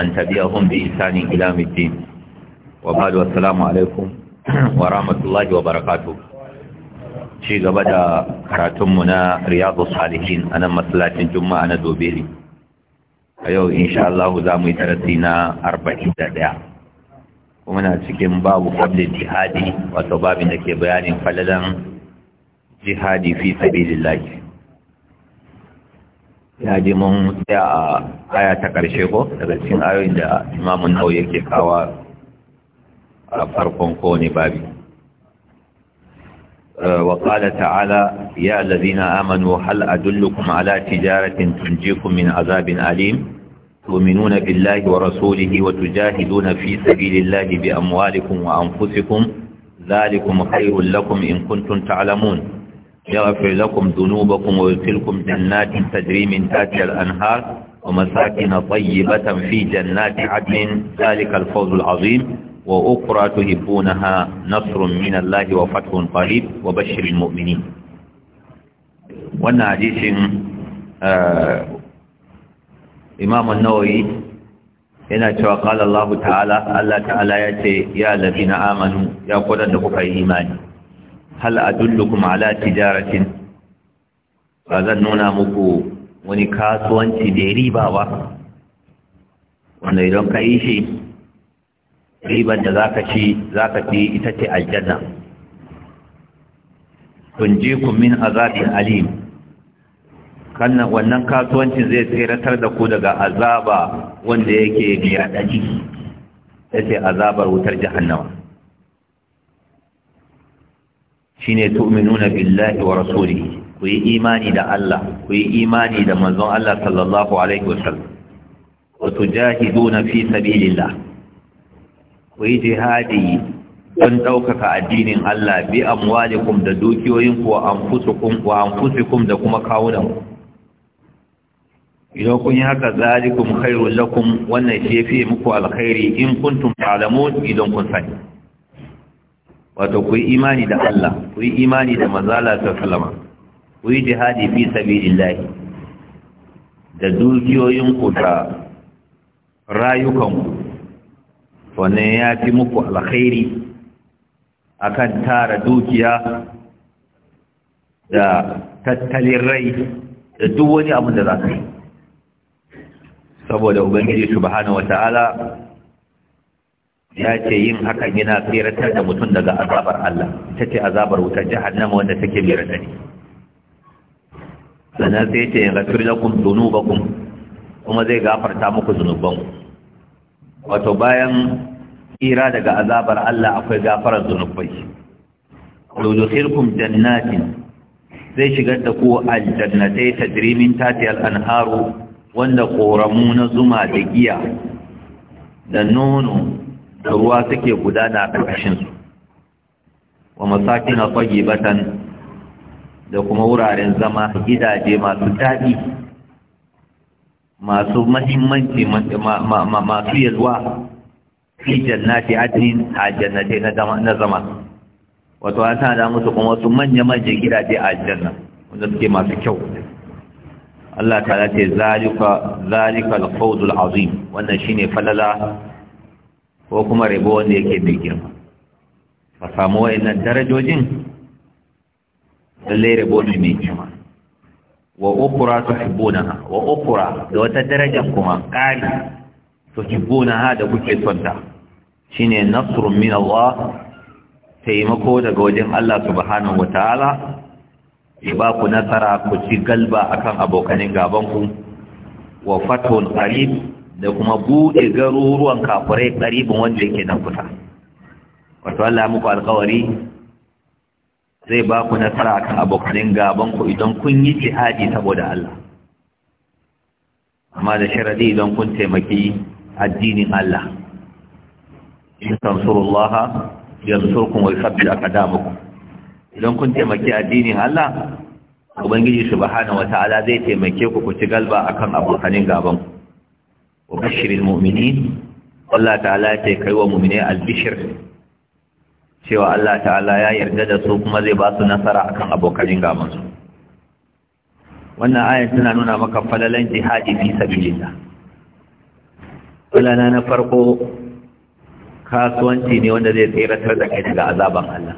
ومن تبعهم بإحسان إلى الدين وبعد والسلام عليكم ورحمة الله وبركاته ci gaba da karatunmu na riyadu salihin a nan masallacin juma'a na doberi a yau insha Allah za mu yi darasi na ɗaya. kuma na cikin babu fadlin jihadi wato babin da ke bayanin falalan jihadi fi sabilillahi ya ji mun a aya ta ƙarshe ko daga cikin ayoyin da imamun nau yake kawa a farkon kone babi eh, wa ƙada ta'ala ya lalazina amanu hal a dullukun ala tijaratin tunjikun min azabin alim tuminuna billahi wa rasulihi wa tujahiduna fi sabilillahi bi amwalikum wa anfusikum zalikum khairul lakum in kuntum ta'lamun يغفر لكم ذنوبكم ويدخلكم جنات تجري من تحتها الأنهار ومساكن طيبة في جنات عدن ذلك الفوز العظيم وأخرى تهبونها نصر من الله وفتح قريب وبشر المؤمنين وانا hadisin imamun nawayi yana cewa قال الله ta'ala Allah ta'ala يا الذين ya labina amanu ya kudan da kuka yi imani hal adullukum ala tijaratin ba zan nuna muku wani kasuwanci da riba ba wanda idan ka yi shi ribar da zaka ci zaka ci ita ce aljanna tunjikum min azabin alim kannan wannan kasuwancin zai tseratar da ku daga azaba wanda yake biya raɗaɗi sai azabar wutar jahannama shine tu'minuna billahi wa rasulihi ku yi imani da Allah ku yi imani da manzon Allah sallallahu alaihi wasallam wa tujahiduna fi sabilillah ku yi jihadi don ɗaukaka addinin Allah bi amwalikum da dukiyoyin ku wa anfusukum wa anfusikum da kuma kawunan ku idan kun yi haka zalikum khairul lakum wannan shi yafi muku alkhairi in kuntum ta'lamun idan kun sani wato ku yi imani da Allah ku yi imani da mazala ta sallama ku yi jihadi fi sabilillah da dukiyoyinku da rayukanku wannan ya fi muku alkhairi akan tara dukiya da tattalin rai da duk wani abin da za ka yi saboda ubangiji subhanahu wata'ala ya ce yin hakan yana tseratar da mutum daga azabar Allah ita ce azabar wutar jahannama wanda take mai radadi sannan sai ce yin gafir ba kun kuma zai gafarta muku zunuban wato bayan tsira daga azabar Allah akwai gafarar zunubai yudkhilkum jannatin zai shigar da ku aljannatai dirimin tatiyar anharu wanda koramu na zuma da giya da nono da ruwa suke gudana a ƙarƙashinsu wa masakin a batan da kuma wuraren zama gidaje masu daɗi masu mahimmanci masu yalwa fi jannati adinin a jannatai na zama wato an tada musu kuma wasu manya-manyan gidaje a aljanna wanda suke masu kyau Allah ta ce zalika al-fawzul azim wannan shine falala ko kuma ribo wanda yake mai girma ka samu wa'annan darajojin lallai rabo ne mai girma wa ukura ha? wa ukura da wata daraja kuma na ha da kuke son ta ne nasrun min Allah taimako daga wajen Allah subhanahu Ta'ala ya ba ku nasara ku ci galba akan abokanin gaban ku wa fatun qarib da kuma buɗe garuruwan kafurai ƙaribin wanda yake nan kusa wato Allah muku alƙawari zai ba ku nasara kan abokanin gaban ku idan kun yi jihadi saboda Allah amma da sharadi idan kun taimaki addinin Allah in tansurullaha yansurkum wa yuthabbit ku. idan kun taimaki addinin Allah ubangiji subhanahu wataala zai taimake ku ku ci galba akan abokanin gaban ku wa bashirin mu'mini Allah ta'ala ce kai wa mu'mini albishir cewa Allah ta'ala ya yarda da su kuma zai ba su nasara akan abokan gamansu wannan ayat tana nuna maka falalan jihadi fi sabilillah falala na farko kasuwanci ne wanda zai tseratar da kai daga azaban Allah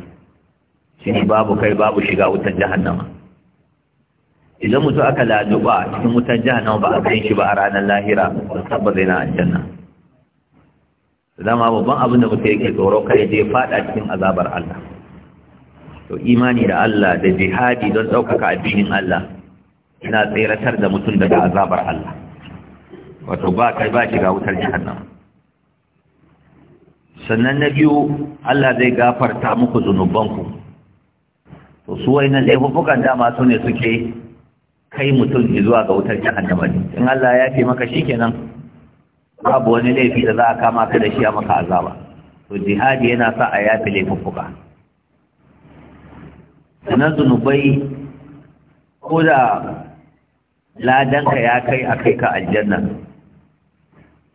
shi babu kai babu shiga wutar jahannama idan mutu aka laluba cikin jihar jahannama ba a kai shi ba a ranar lahira tabbata na aljanna dama babban abin da mutum yake tsoro kai zai fada cikin azabar Allah to imani da Allah da jihadi don ɗaukaka addinin Allah yana tseratar da mutum daga azabar Allah wato ba kai ba shiga wutar nan. sannan na biyu Allah zai gafarta muku zunubanku to su wayannan laifukan dama su ne suke kai mutum zuwa ga wutar jahannama ne in Allah ya ce maka shikenan babu wani laifi da za a kama ka da shi a maka azaba to jihadi yana sa a yafi laifuffuka sannan zunubai ko da ladanka ya kai a kai ka aljanna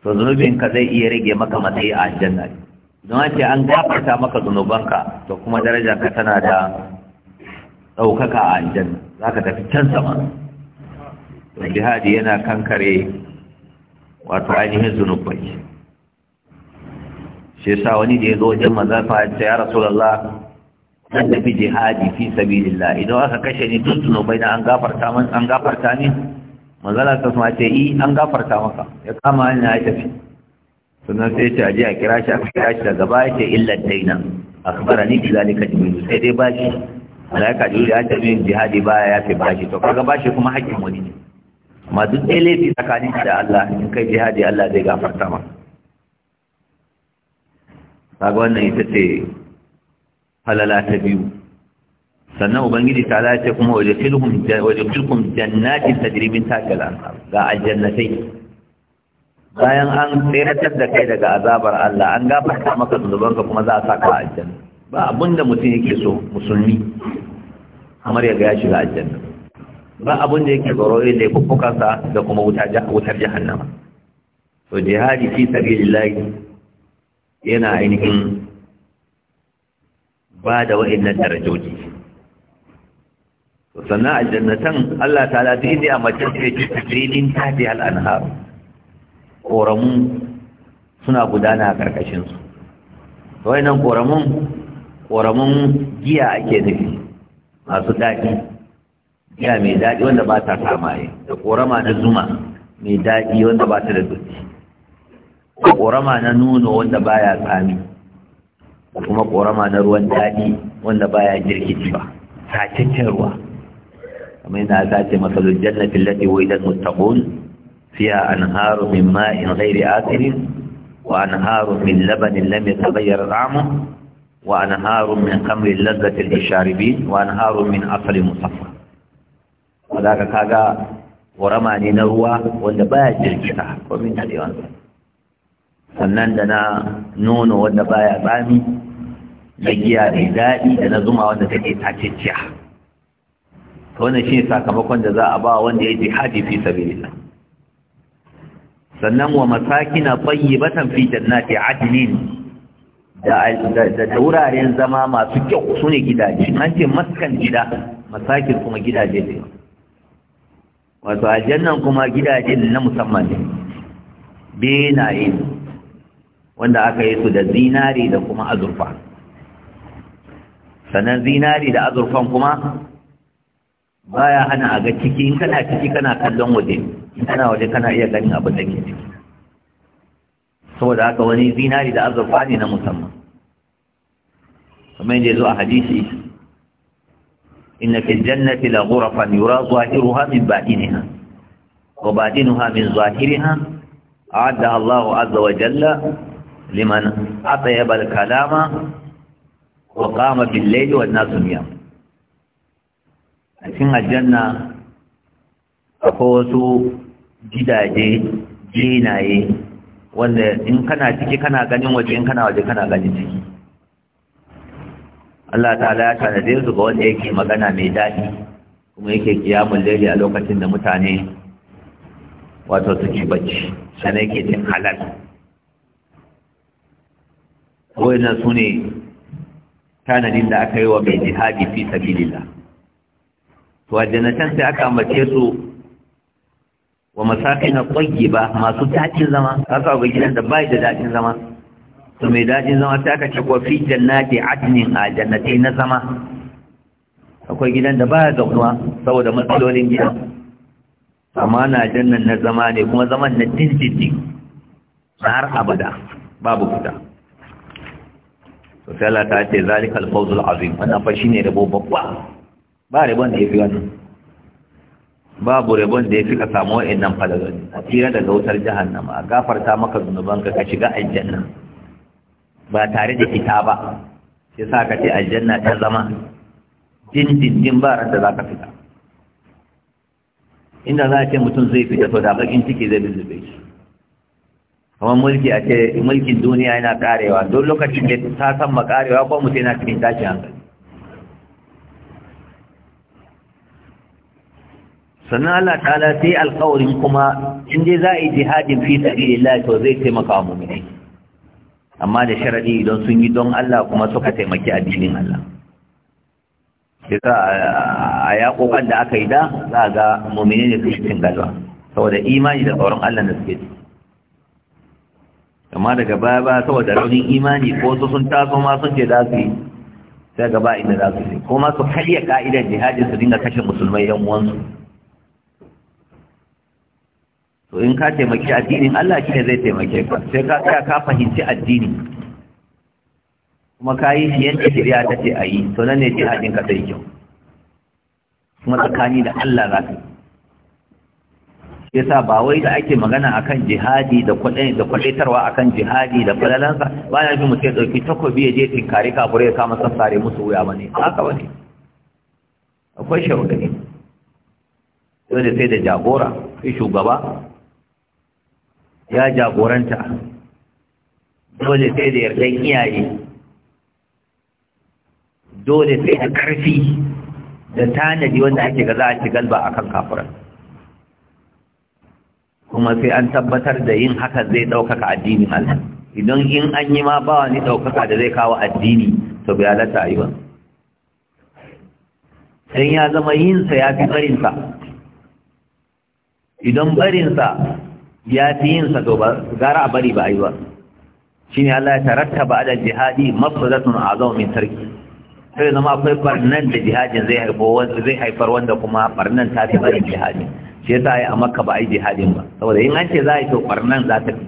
to zunubinka zai iya rage maka matsayi a aljanna don ce an gafarta maka zunubanka to kuma ka tana da ɗaukaka a aljanna za ka tafi can sama jihadi yana kankare wato ainihin zunubai shi sa wani da ya zo wajen mazafa ta ya rasulallah zan tafi jihadi fi sabilillah idan aka kashe ni duk zunubai na an gafarta min an ni ta suma ce yi an gafarta maka ya kama ni na tafi sannan sai ce aje a kira shi a kira shi daga baya ce illa daina akhbara ni bi zalika jibril sai dai bashi malaika jibril ya tafi jihadi baya ya fi bashi to kaga bashi kuma hakkin wani ne amma duk ɗaya laifi tsakanin da Allah in kai jihadi Allah zai gafarta ma kaga wannan ita ce halala ta biyu sannan ubangiji ta lace kuma waje filkum jannatin tajrimin takal anhar ga aljannatai bayan an tseratar da kai daga azabar Allah an gafarta maka zunubanka kuma za a saka aljanna ba abinda mutum yake so musulmi kamar ya ga ya shiga aljanna ba abin da yake tsoro ne fuffukansa da kuma wutar jahannama to jihadi fi sabilillahi yana ainihin ba da wa'annan darajoji to sannan aljannatan Allah ta'ala ta yi mace ce tafilin tafi al'anhar koramu suna gudana a karkashinsu wayannan koramun koramun giya ake nufi masu daɗi ya mai daɗi wanda ba ta samaye, da ƙorama na zuma mai daɗi wanda ba ta da dutse da ƙorama na nuno wanda ba ya tsami da kuma ƙorama na ruwan daɗi wanda ba ya jirkici ba sacaccen ruwa kamar yana ta ce masalul jannatin lati wa idan muttaqun fiha anharu min ma'in ghairi asirin wa an anharu min labanin lam yataghayyar ta'amuhu وأنهار من خمر لذة للشاربين وأنهار من asalin مصفى wadda aka kaga warama ne na ruwa wanda baya jirgita komin daɗewansa sannan da na nono wanda baya tsami na giya mai daɗi da na zuma wanda take taciciya ta wannan shi sakamakon da za a ba wanda ya ji jihadi fi sabilillah sannan wa bayi batan fi jannati adinin da wuraren zama masu kyau su ne gidaje an ce maskan gida masakin kuma gidaje ne wato aljannan kuma gidaje na musamman ne benaye wanda aka yi su da zinari da kuma azurfa sannan zinari da azurfan kuma baya hana a ga ciki in kana ciki kana kallon waje in kana waje kana iya ganin abin da ke ciki saboda haka wani zinari da azurfa ne na musamman kamar yanzu ya zo a hadisi inna fil jannati la ghurafan yura zahiruha min batiniha wa batinuha min zahiriha a'adda Allahu azza wa jalla liman atayaba bal kalama wa qama bil layli wan nasu niyam a cikin aljanna akwai wasu gidaje jinaye wanda in kana ciki kana ganin waje in kana waje kana ganin ciki Allah ta'ala ya tanade su ga wanda yake magana mai daɗi kuma yake kiyamun laili a lokacin da mutane wato suke bacci sanai yake cin halal wayannan su ne tanadin da aka yi wa mai jihadi fi sabilillah to a jannatan sai aka ambace su wa masakin tayyiba masu daɗin zama ka ga gidan da bai da daɗin zama to mai daɗin zama ta ka ce kofi jannati adnin a jannati na zama akwai gidan da ba ya zaunuwa saboda matsalolin gidan amma na jannan na zama ne kuma zaman na dindindin na har abada babu fita to sai Allah ta ce zalikal fawzul azim wannan fa shine rabo babba ba rabon da yafi wannan babu rabon da ya fi ka samu wa'in nan falaloli a tira daga wutar jahannama a gafarta maka zunubanka ka shiga aljanna ba tare da fita ba sai sa ka ce aljanna ta zama dindindin ba ran da za ka fita inda za a ce mutum zai fita to da bakin ciki zai zube shi kamar mulki a ce mulkin duniya yana karewa don lokacin da ta san ma karewa ko mutum yana cikin tashi hankali sannan Allah ta'ala sai alƙawarin kuma in dai za a yi jihadin fi sabilillah to zai taimaka wa mu'minai amma da sharaɗi idan sun yi don Allah kuma suka taimaki addinin Allah yasa a yaƙoƙan da aka yi da za a ga mummini ne su cikin galwa, saboda imani da tsoron Allah da suke amma daga baya ba saboda raunin imani ko su sun taso ma sun ce za su yi sai gaba inda za su yi kuma su karya ka'idar jihadin su dinga kashe musulmai yan uwansu to in ka taimaki addinin Allah shi ne zai taimake ka sai ka tsaya ka fahimci addini kuma ka yi shi yanke shirya ta ce a yi to nan ne jihadin ka zai kyau kuma tsakani da Allah za ka yi ba wai da ake magana akan jihadi da kwadaitarwa akan jihadi da falalansa ba na fi mutum ya ɗauki takobi ya je tinkari kafure ya kama sassare musu wuya ba ne haka ba ne akwai ne dole sai da jagora sai shugaba ya jagoranta dole sai da yardan iyaye dole sai da karfi da tanadi wanda ake ga za a ci galba akan kafuran. kuma sai an tabbatar da yin haka zai ɗaukaka addinin Allah idan in an yi ma ba wani ɗaukaka da zai kawo addini to bai halatta a yi ba sai ya zama yinsa ya fi barinsa idan barinsa ya fi yin sa to ba gara a bari ba a yi ba ne Allah ya ba ala jihadi mafsadatun azam min tarki sai zama akwai barnan da jihadin zai haifar wanda kuma barnan ta fi bari jihadi. shi yasa ai a Makka ba ai jihadin ba saboda in an ce za a yi to barnan za ta fi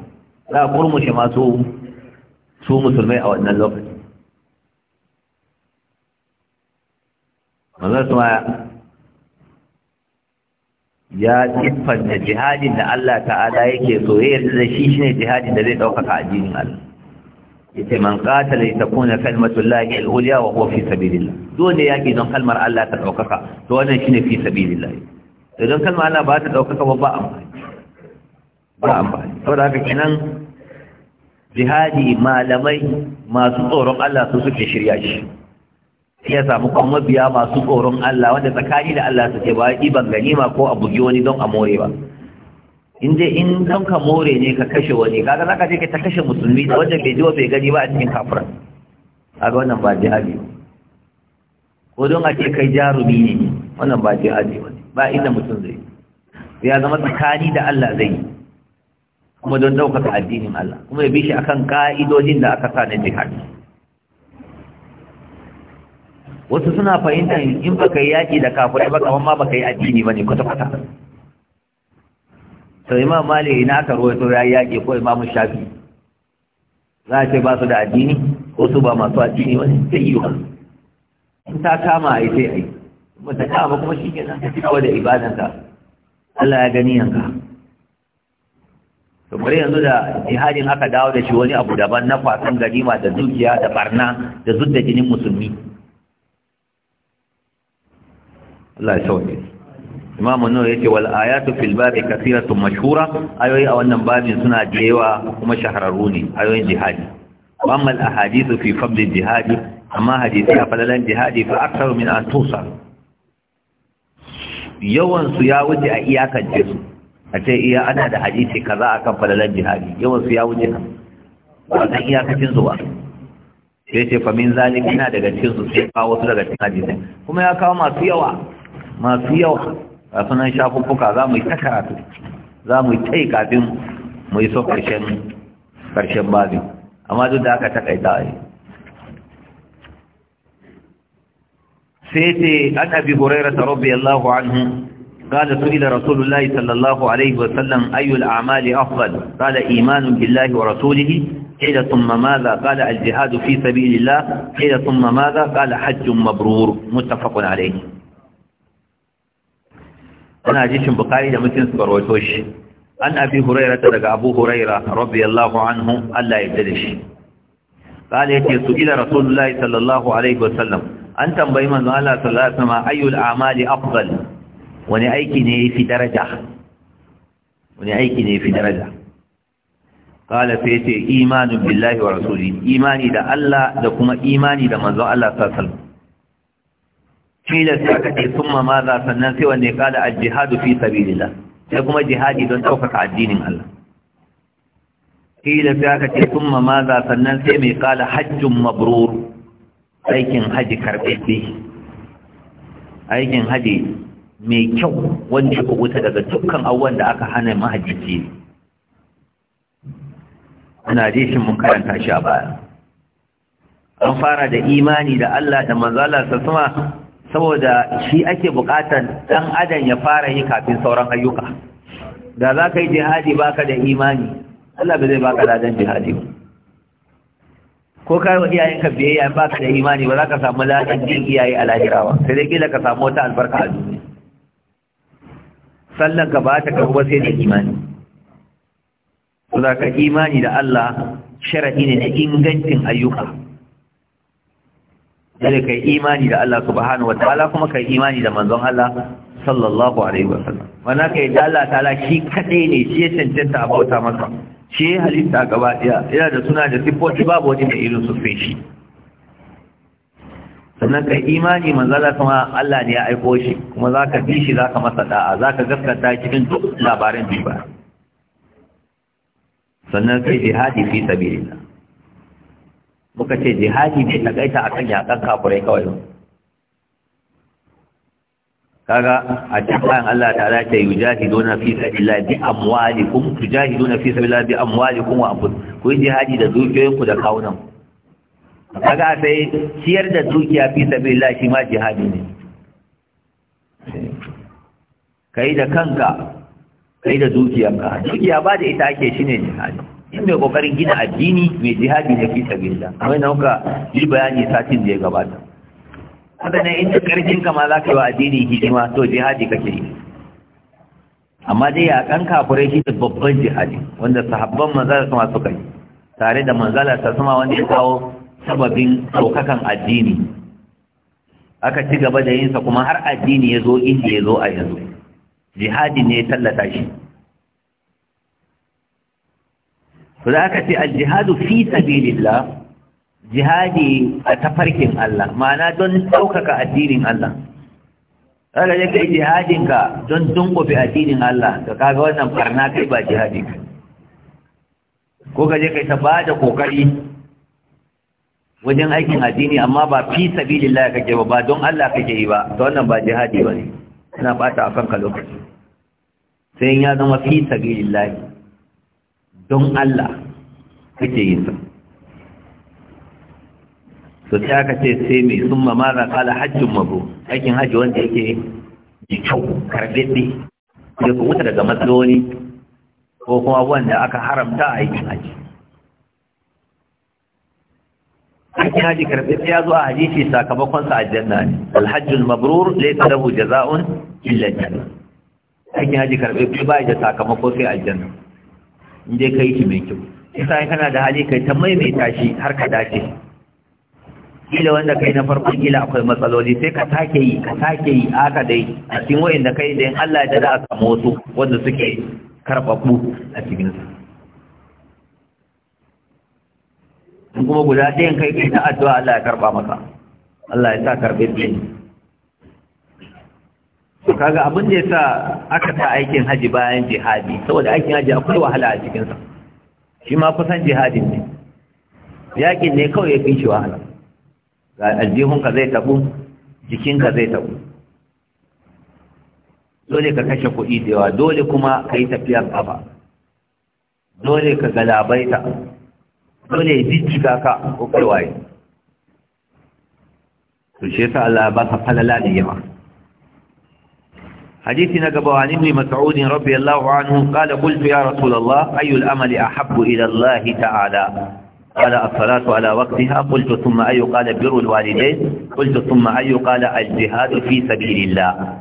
za a kurmushe masu su musulmai a wannan lokaci manzon ya siffanta jihadin da Allah ta'ala yake so ya yarda da shi shi ne jihadin da zai ɗaukaka a jinin Allah yace man ita kuna kalmatullahi al Al'uliya wa huwa fi sabilillah dole yaki don kalmar Allah ta ɗaukaka? to wannan shi ne fi da don kalmar Allah ba ta ɗaukaka ba ba amfani ba amfani saboda haka kenan jihadi malamai masu tsoron Allah su suke shirya shi ya samu kuma mabiya masu tsoron Allah wanda tsakani da Allah suke ba iban ganima ko a bugi wani don a more ba in dai in don ka more ne ka kashe wani kaga zaka je ka ta kashe musulmi da wanda bai ji bai gani ba a cikin kafiran ga wannan ba jihadi ko don a ce kai jarumi ne wannan ba jihadi ba ba inda mutum zai ya zama tsakani da Allah zai yi kuma don ɗaukaka addinin Allah kuma ya bi shi akan ka'idojin da aka sa na jihadi wasu suna fahimtar in baka yi yaƙi da kafin ba kamar ma baka yi addini ba ne kwata-kwata to imam mali ina aka ruwaito ya yi yaƙi ko imam shafi za a ce ba su da addini ko su ba masu addini wani ne sai yi wa in ta kama a yi sai a yi ba ta kama kuma shi ke nan ta kawo da ibadanta Allah ya gani yanka to bari yanzu da jihadin aka dawo da shi wani abu daban na kwasan ganima da dukiya da barna da zudda jinin musulmi Allah ya sauke imamu nuna ya wal ayatu fil babi kasiratun mashhura ayoyi a wannan babin suna da yawa kuma shahararru ne ayoyin jihadi amma al ahadithu fi fadl jihadi amma hadisi a falalan jihadi fa aktaru min an tusa yawan su ya wuce a iyakance su a ce iya ana da hadisi kaza akan falalan jihadi yawan su ya wuce ba san iyakacin su ba sai ce fa min zalik ina daga cikin su sai kawo su daga cikin hadisi kuma ya kawo masu yawa masu yawa a sunan shafuffuka za mu yi ta karatu za mu yi ta yi kafin mu yi so ƙarshen babin amma duk da aka takaita a yi sai ce an abi hurairar ta rabbi allahu anhu قال سئل رسول الله صلى الله عليه وسلم أي الأعمال أفضل قال إيمان بالله ورسوله قيل ثم ماذا قال الجهاد في سبيل الله قيل ثم ماذا قال حج مبرور متفق عليه ina ji shin bukari da mutum su karwato shi an abi huraira daga abu huraira rabbi allah ya tsada shi kala ya su ila rasulullahi sallallahu alaihi wasallam an tambayi manzon allah sallallahu alaihi wasallam ayyul amali afdal wani aiki ne wani aiki ne fi daraja kala sai ce imanu billahi wa rasuli imani da allah da kuma imani da manzon allah sallallahu Filas ka ce sun ma za sannan sai wanda ya kada al-jihadu fi sabilillah sai kuma jihadi don ɗaukaka addinin Allah Filas aka ce sun ma za sannan sai mai kada hajjun mabrur aikin haji karɓe aikin haji mai kyau wanda ya kubuta daga dukkan abubuwan da aka hana mahajjici ana rishin mun karanta shi a baya an fara da imani da Allah da manzala sassama saboda shi ake bukatan dan adam ya fara yi kafin sauran ayyuka da za ka yi jihadi baka da imani Allah ba zai baka ladan jihadi ba ko ka yi wa iyayenka biyayya ba ka da imani ba za ka samu ladan jin iyaye a lahirawa sai dai kila ka samu wata albarka a duniya sallan ka ba ta karɓa sai da imani za ka imani da Allah sharadi ne na ingancin ayyuka dare kai imani da Allah subhanahu wataala kuma kai imani da manzon Allah sallallahu alaihi wasallam wannan kai da Allah ta'ala shi kadai ne shi ya cancanta a bauta masa shi halitta gaba daya yana da suna da sifofi babu wani mai irin su sai shi sannan kai imani Allah kuma Allah ne ya aiko shi kuma zaka bi shi zaka masa da'a zaka gaskata cikin duk labarin ba. sannan kai jihadi fi sabilillah muka ce jihadi bai a kan yakan kafirai kawai ba kaga a cikin Allah yi ta dona fi sabilillah bi jihadi dona fi sabilillah bi amwalikum wa anfusikum ku jihadi da dukiyoyinku da kawunan kaga sai ciyar da dukiya fi sabilillah shi ma jihadi ne kai da kanka kai da dukiyanka dukiya ba da ita ake shi ne jihadi in mai kokarin gina addini mai jihadi da fi sabilla amma ina kuka yi bayani satin da ya gabata haka ne inda karfin kama za ka yi wa addini hidima to jihadi kake yi amma dai a kan kafurai shi da babban jihadi wanda sahabban manzala sama suka yi tare da manzala ta sama wanda ya kawo sababin saukakan addini aka ci gaba da yinsa kuma har addini ya zo inda ya zo a yanzu jihadi ne ya tallata shi to da aka ce aljihadu fi sabilillah jihadi a tafarkin Allah ma'ana don ɗaukaka addinin Allah kaga ka jihadin ka don dunkufe addinin Allah ka kaga wannan barna kai ba jihadin ka ko ka kai ta bada kokari wajen aikin addini amma ba fi sabilillah kake ba ba don Allah kake yi ba to wannan ba jihadi ba ne ina bata akan ka lokaci sai ya zama fi sabilillah don Allah kake yin sa to sai aka ce sai mai sun ma maza kala hajjin mabu aikin hajji wanda yake ji kyau karɓaɓɓe da ku wuta daga matsaloli ko kuma wanda aka haramta a aikin hajji aikin hajji karɓaɓɓe ya zo a hadisi sakamakon sa aljanna ne alhajjul mabrur laysa lahu jaza'un illa janna aikin hajji karɓaɓɓe ba ya da sakamako sai aljanna in dai ka yi shi mai kyau isa in kana da hali kai ta maimaita shi har ka dace kila wanda kai na farkon kila akwai matsaloli sai ka sake yi ka sake yi aka dai a cikin da kai da in Allah ya da za a samu wasu wanda suke karɓaɓɓu a cikinsu kuma guda ɗayan kai kai ta addu'a Allah ya karɓa maka Allah ya sa karɓe ɗaya to kaga abin da yasa aka ta aikin haji bayan jihadi saboda aikin haji akwai wahala a cikin sa shi ma kusan jihadin ne yakin ne kawai ya fi shi wahala ga ka zai tabu jikinka zai tabu dole ka kashe kuɗi da yawa dole kuma ka yi tafiyar ƙafa dole ka galabaita dole ya jijjiga ka ko kai waye to shi yasa Allah ba ka falala da yawa حديث نقبه عن ابن مسعود رضي الله عنه قال قلت يا رسول الله أي الأمل أحب إلى الله تعالى قال الصلاة على وقتها قلت ثم أي قال بر الوالدين قلت ثم أي قال الجهاد في سبيل الله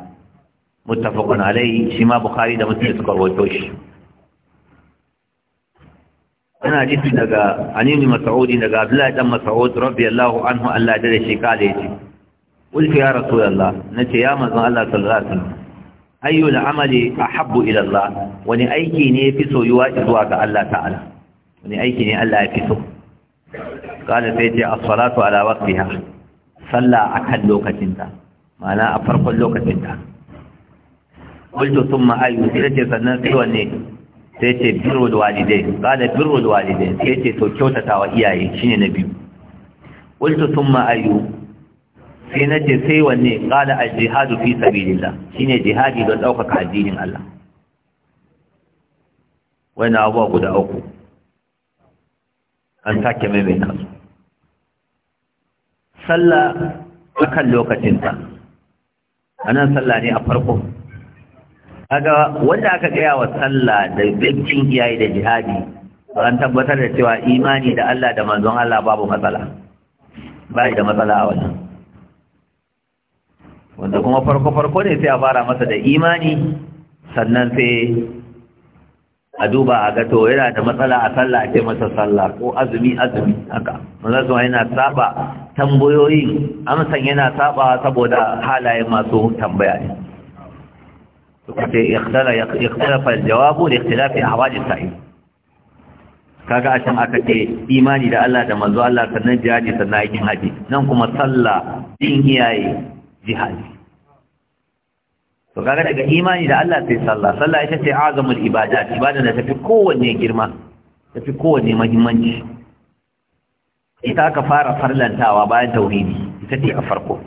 متفق عليه شما بخاري ده مسلم سكروتوش أنا جئت لقى عن ابن مسعود لقى عبد الله بن مسعود رضي الله عنه أن لا درشي قال قلت يا رسول الله نتي يا مزن الله صلى الله عليه وسلم ayyul amali ahabbu ila Allah wani aiki ne fi soyuwa zuwa ga Allah ta'ala wani aiki ne Allah ya fi so qala sai ce as-salatu ala waqtiha salla akan lokacinta ma'ana a farkon lokacinta qultu thumma ayyu sai ce sannan sai wanne sai ce birrul walidai qala birrul walidai sai ce to kyautatawa iyaye shine na biyu qultu thumma ayyu sai na ce sai wanne qala a jihadu fi sabilillah shine jihadi don daukaka addinin Allah Wai na abuwa guda uku an sake maimaita su sallah akan lokacinta a nan sallah ne a farko kaga wanda aka gaya wa sallah da bincin iyaye da jihadi an tabbatar da cewa imani da Allah da manzon Allah babu matsala bai da matsala a wannan wanda kuma farko-farko ne sai a fara masa da imani sannan sai a duba a gato yana da matsala a sallah a ce masa sallah ko azumi azumi haka maza zuwa yana saba tambayoyin amsan yana saba saboda halayen masu tambaya ne sukace ikhtalafa jawabu da ikhtilafi ahwali sa'i kaga a can aka ce imani da Allah da manzo Allah sannan jihadi sannan aikin haji nan kuma sallah din iyaye jihadi to kaga daga imani da Allah sai sallah sallah ita ce azamul ibadat ibada da tafi kowanne girma tafi kowanne muhimmanci ita ka fara farlantawa bayan tauhidi ita ce a farko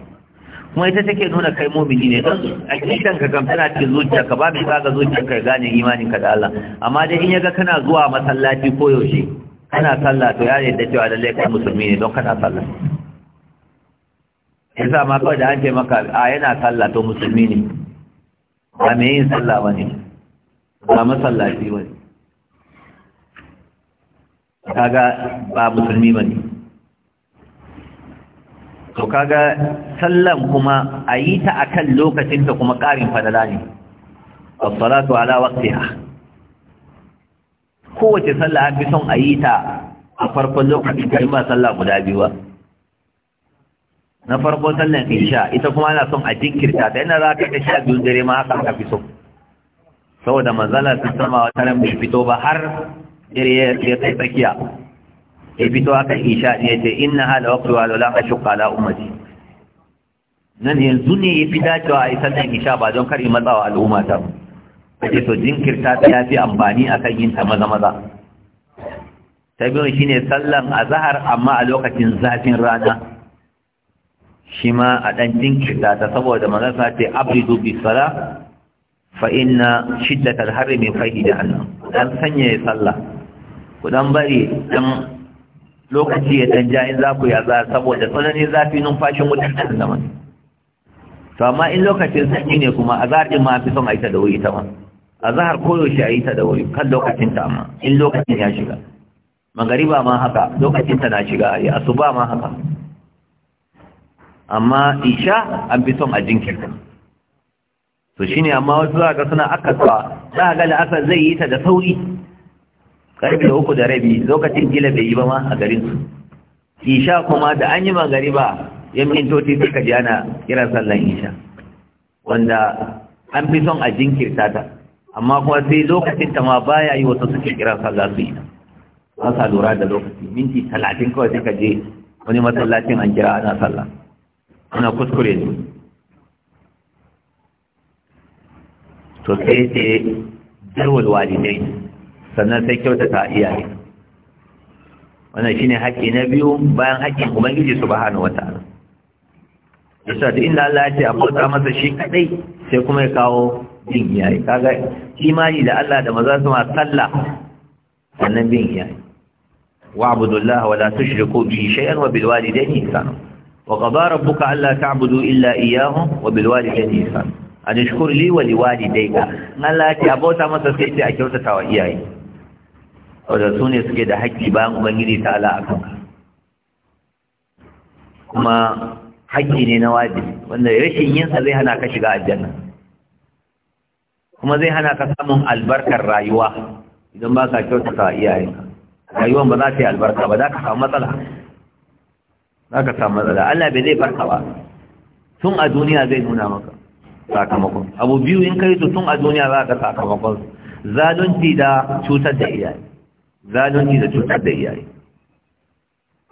kuma ita take nuna kai mumini ne don a ka kan tana cikin zuciya ka ba mai ga zuciya ka gane imanin ka da Allah amma dai in yaga kana zuwa masallaci ko yaushe kana sallah to ya yarda cewa lallai kai musulmi ne don kana sallah ya sa ma kawai da an ce maka a yana sallah to musulmi ne ba mai yin sallah wani. ne ba masallaci wani. ne kaga ba musulmi ba ne to kaga sallan kuma a yi ta a kan lokacinta kuma ƙarin fadala ne salatu ala waqtiha kowace sallah an fi son a yi ta a farkon lokacin kai ma sallah guda biyu ba na farko sallan isha ita kuma ana son a jinkirta ta yana za ka ta sha biyun dare ma haka aka fi so saboda manzala ta sama wata ran bai fito ba har dare ya kai tsakiya ya fito haka isha ne ya ce na hada waqtu wa la ashqa ala nan yanzu ne ya fi dacewa a yi sallan isha ba don kar in matsawa al'umma ta ake so jinkirta ta ya fi amfani akan yin ta maza maza ta biyun shine sallan azahar amma a lokacin zafin rana shi ma a ɗan jinkirta ta saboda manasa ce abridu bi sala fa inna shiddatal harri fahi hannu. ɗan sanya ya sallah ku ɗan bari ɗan lokaci ya ɗan jayin za ku yaza saboda tsananin zafi numfashin mutane da mani. to amma in lokacin sanyi ne kuma a din ma fi son a yi ta da wuri ta ma zahar koyaushe a yi ta da wuri kan lokacin ta amma in lokacin ya shiga magariba ma haka lokacin ta na shiga ya asuba ma haka amma isha an fi son a jinkirta to shine amma wasu za ga suna tsawa za a ga la'asar zai yi ta da sauri karfe da uku da rabi lokacin gila bai yi ba ma a garin su isha kuma da an yi magariba ya mintoci suka ji ana kiran sallan isha wanda an fi son a jinkirta ta amma kuma sai lokacin ta ma ya yi wasu suke kiran sallan su yi ba sa lura da lokaci minti talatin kawai suka je wani masallacin an kira ana sallah ana kuskure ne to sai ce darwal walidai sannan sai kyautata iyaye wannan shine haƙƙi na biyu bayan haƙƙin ubangiji subhanahu wataala yasa duk inda Allah ya ce a bauta masa shi kadai sai kuma ya kawo bin iyaye kaga imani da Allah da maza su ma sallah sannan bin iyaye wa abudullahi wala tushriku bi shay'in wa bil walidayni ihsana wa ربك rabbuka alla الا اياه iyyahu wa ان walidayni لي ولوالديك ishkur li wa li walidayka Allah ya abota masa sai ce a kyautata wa da ubangiji ta ala akan kuma haƙƙi ne na wajibi wanda rashin yin sa zai hana ka shiga aljanna kuma zai hana ka samun albarkar rayuwa idan ba ka kyautata iyayenka rayuwan ba za ta yi albarka ba za ka samu matsala za ka samu matsala Allah bai zai barka ba tun a duniya zai nuna maka sakamakon abu biyu in kai su tun a duniya za ka sakamakon zalunci da cutar da iyaye zalunci da cutar da iyaye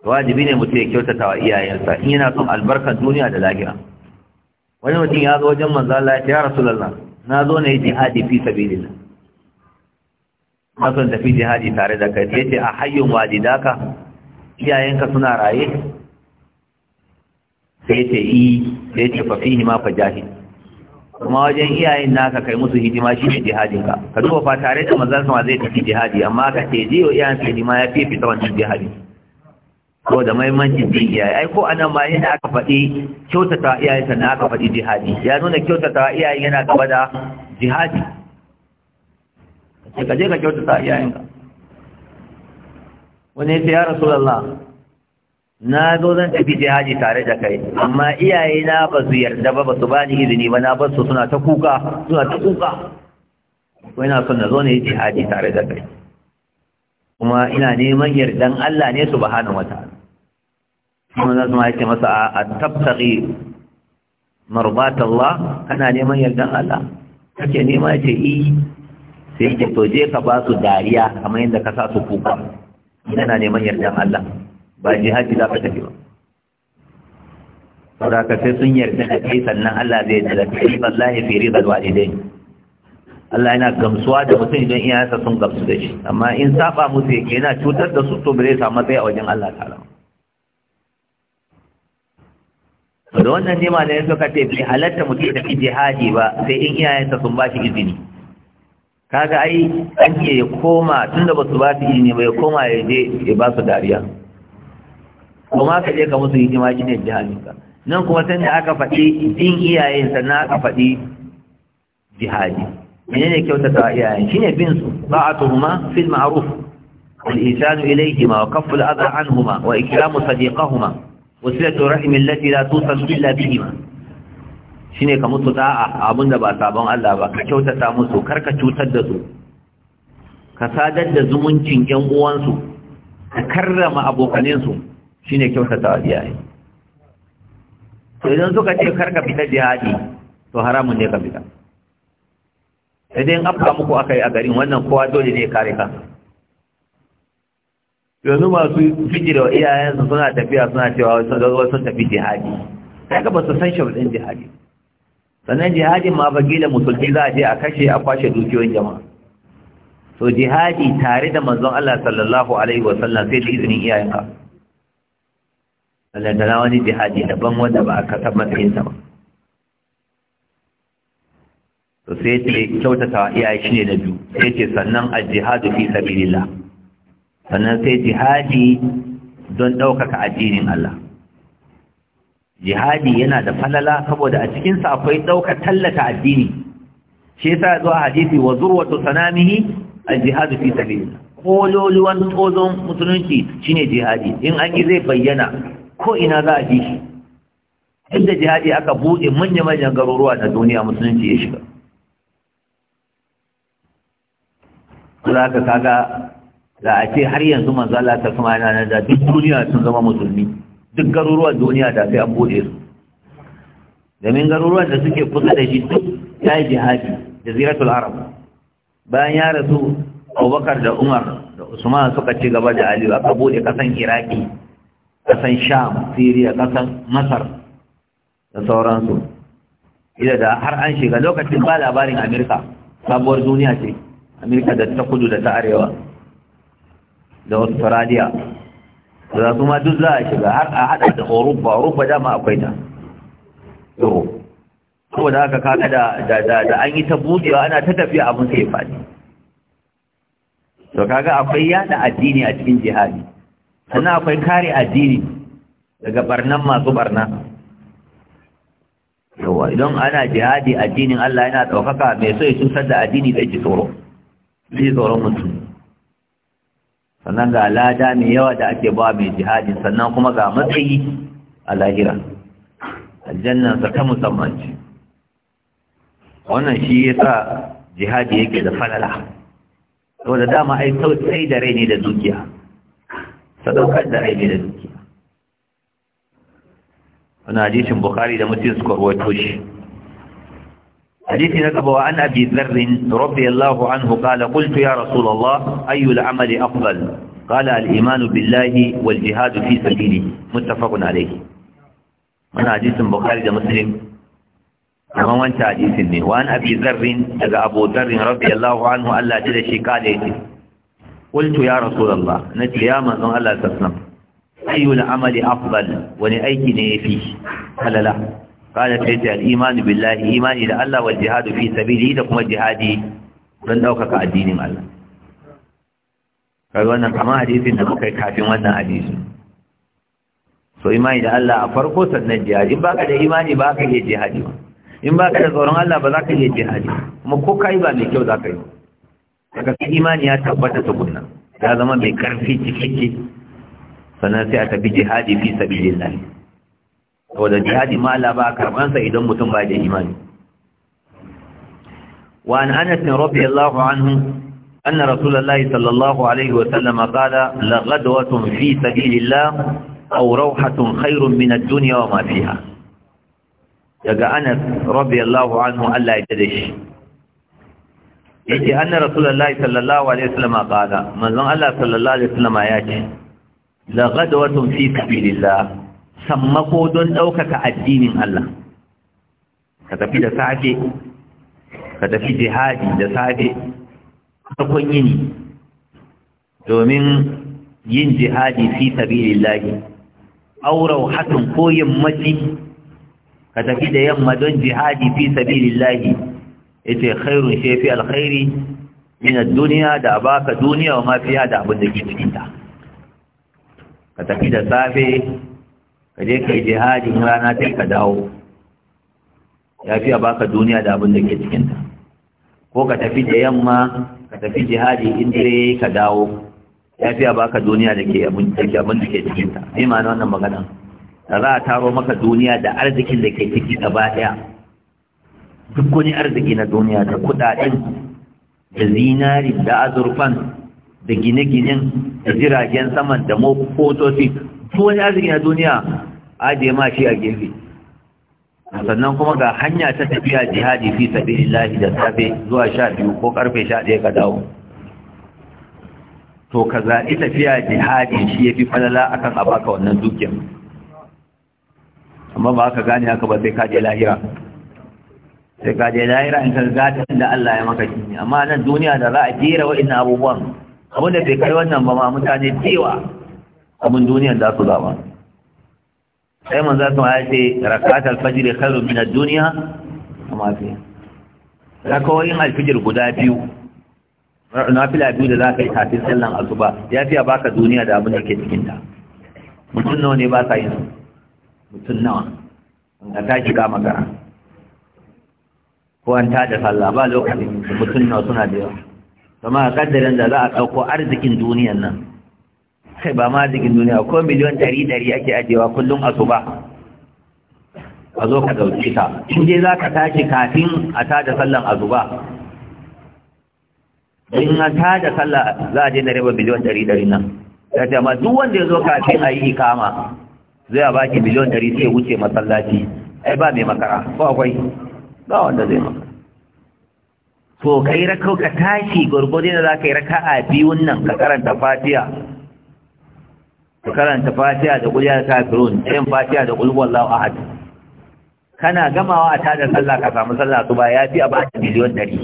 wajibi ne mutum ya kyautata wa iyayensa in yana son albarkar duniya da lahira wani mutum ya zo wajen manzo Allah ya ce ya rasulullah na zo ne jihadi fi sabilillah na son tafi jihadi tare da kai sai ce a hayyun walidaka iyayenka suna raye kai ce i sai ce fa fihi ma fa jahil kuma wajen iyayen naka kai musu hidima shi ne jihadin ka ka duba fa tare da manzon sama zai tafi jihadi amma ka ce je wa iyayen sai ma ya fi fita tsawon jihadi ko da mahimmancin jin iyaye ai ko anan ma yana aka faɗi kyautata iyayen sannan aka faɗi jihadi ya nuna kyautata iyayen yana gaba da jihadi ka je ka kyautata iyayen ka wani ya ce ya rasu na zo zan tafi jihadi tare da kai amma iyaye na ba su yarda ba ba su bani izini ba na basu suna ta kuka suna ta kuka ko ina son na zo ne jihadi tare da kai kuma ina neman yardan Allah ne subhanahu wataala kuma na zama yake masa a tabtaqi marbat Allah kana neman yardan Allah kake nema ce i eh. sai ke toje ka ba su dariya kamar yadda ka sa su kuka ina neman yardan Allah ba haji za ka tafi ba saboda sai sun yarda da kai sannan Allah zai yarda da kai wallahi fi ridal walidai Allah yana gamsuwa da mutum idan iyayensa sun gamsu da shi amma in saba musu yake yana cutar da su to bai sa matsayi a wajen Allah ta'ala da wannan ne ya da suka ce bai halatta mutum da jihadi ba sai in iyayensa sun ba shi izini kaga ai an ke ya koma tunda ba su ba su izini ba ya koma ya je ya ba su dariya kuma ka je ka musu hidima shi ne jihadinka nan kuma sai da aka faɗi din iyayen na aka faɗi jihadi menene kyautata iyayen ne bin su ba'atuhuma fil ma'ruf wal ihsanu ilayhima wa kaffu al adha anhuma wa ikramu sadiqahuma wa silatu rahim allati la tusal illa bihima ne ka musu da'a abinda ba sabon Allah ba ka kyautata musu karka cutar da su ka sadar da zumuncin yan uwansu ka karrama abokaninsu shine kyautata wa iyaye to idan suka ce kar ka fita jihadi to haramun ne ka fita idan afka muku aka yi a garin wannan kowa dole ne kare ka yanzu masu fijira da iyayensu suna tafiya suna cewa wasu sun tafi jihadi daga ba su san sharuɗin jihadi sannan jihadin ma ba gila musulmi za a je a kashe a kwashe dukiyoyin jama'a to jihadi tare da manzon Allah sallallahu alaihi wasallam sai da izinin iyayenka da wani jihadi daban wanda ba a kasar matsayinsa ba to sai ce kyautatawa iyaye shi ne na biyu sai ce sannan a jihadu fi sabilillah sannan sai jihadi don ɗaukaka addinin Allah jihadi yana da falala saboda a cikinsa akwai ɗaukar tallata addini shi yasa zuwa hadisi wa zurwatu sanamihi al-jihadu fi sabilillah kololuwan tozon musulunci shine jihadi in an yi zai bayyana ko ina za a ji shi inda jihadi aka buɗe manya-manyan garuruwa na duniya musulunci ya shiga za ka kaga da a ce har yanzu manzala ta kuma yana nan da duk duniya sun zama musulmi duk garuruwan duniya da sai an buɗe su domin garuruwan da suke kusa da shi duk ya yi jihadi da ziratul arab bayan ya rasu abubakar da umar da usman suka ci gaba da aliyu aka buɗe kasan iraki ƙasan sham siriya ƙasan masar da sauransu ila da har an shiga lokacin ba labarin amerika sabuwar duniya ce amerika da ta kudu da ta arewa da australia da za su ma duk za a shiga har a haɗa da europa europa dama akwai ta europe saboda haka kaga da da da an yi ta buɗewa ana ta tafiya abin sai faɗi to kaga akwai yada addini a cikin jihadi sannan akwai kare addini daga barnan masu barna yawa idan ana jihadi addinin Allah yana ɗaukaka mai so ya cutar da addini zai ji tsoro zai tsoron mutum sannan ga lada mai yawa da ake ba mai jihadi sannan kuma ga matsayi a lahira sa ta musamman ce wannan shi ya sa jihadi yake da falala saboda dama ai sai da rai ne da dukiya sadaukar da aibe da duki wani hadishin bukari da mutum suka ruwato shi hadithi na gaba wa an abi zarrin rabbi allahu an hukala kultu rasulallah ayyul amali afdal kala al'imanu billahi wal jihadu fi sabili mutafakun alaihi wani hadithin bukari da muslim kamar wancan hadithin ne wa an abi zarrin daga abu zarrin rabbi allahu an allah ji da shi kala ya qultu ya rasulullah nace ya manzon Allah sallallahu alaihi amali afdal wani aiki ne yafi halala qala sai ta al-iman billahi imani da Allah wal jihad fi sabili da kuma jihadi don daukaka addinin Allah kaga wannan kama hadisin da kafin wannan so imani da Allah a farko sannan jihadi in baka da imani ba iya jihadi ba in baka da tsoron Allah ba za ka iya jihadi kuma ko kai ba mai kyau za ka yi daga sai imani ya tabbata tukunna ya zama mai karfi cikakke sannan sai a tafi jihadi fi sabilillah saboda jihadi ma laba a karban sa idan mutum ba da imani wa an anas allahu anhu anna rasulullahi sallallahu alaihi wa sallam qala la ghadwatun fi sabilillah aw rawhatun khairun min ad-dunya wa ma daga anas allahu anhu Allah ya tada shi yake anna rasulullahi sallallahu alaihi wasallam qala manzon Allah sallallahu alaihi wasallam ya ce la ghadwatun fi sabilillah sammako don daukaka addinin Allah ka tafi da safe ka tafi jihadi da safe farkon ni domin yin jihadi fi sabilillah aw rawhatun koyin yammaci ka tafi da yamma don jihadi fi sabilillah yace khairun shi fi alkhairi min ad-dunya da baka duniya wa ma fiya da abin da ke cikin ta ka tafi da safe ka je kai jihadin rana sai ka dawo ya fiya baka duniya da abin da ke cikin ta ko ka tafi da yamma ka tafi jihadi in dare ka dawo ya fiya baka duniya da ke abin da ke cikin ta ni ma wannan magana za a taro maka duniya da arzikin da ke ciki gaba daya duk wani arziki na duniya da kudaden da zinari da azurfan da gine-ginen da jiragen saman da motoci duk wani arziki na duniya ajiye ma shi a gefe sannan kuma ga hanya ta tafiya jihadi fi illahi da safe zuwa sha biyu ko karfe sha ɗaya ka dawo to ka zaɓi tafiya jihadi shi ya fi falala akan a baka wannan dukiyar amma ba ka gane haka ba sai ka je lahira sai ka je lahira in ka gatan da Allah ya maka shi amma nan duniya da za a jera wa'annan abubuwan abin da bai kai wannan ba ma mutane cewa abin duniyar za su zaba sai man za su ma ce rakat alfajir khairu min ad-dunya amma fi rakawoyin alfijir guda biyu Na fila biyu da za ka yi kafin sallan asuba ya fiya baka duniya da abin da ke cikin ta mutum nawa ne ba ka yin mutum nawa da ta shiga magana ko an tada sallah ba lokacin mutum na suna da yawa kuma kaddarin da za a ɗauko arzikin duniyan nan kai ba ma arzikin duniya ko miliyon ɗari ɗari ake ajewa kullum asuba a zo ka ɗauki ta in dai za ka tashi kafin a tada sallan azuba in an tada sallah za a na raba miliyon ɗari ɗari nan ta ce amma duk wanda ya zo kafin a yi ikama zai a baki miliyon ɗari sai wuce masallaci ai ba mai makara ko akwai ba wanda zai maka to kai raka ka tashi gurgurdin da zaka yi a biyun nan ka karanta Fatiya. ka karanta Fatiya da da kafirun yin fatiya da kullu wallahu ahad kana gamawa a tada sallah ka samu sallah su ba ya fi a ba miliyon ɗari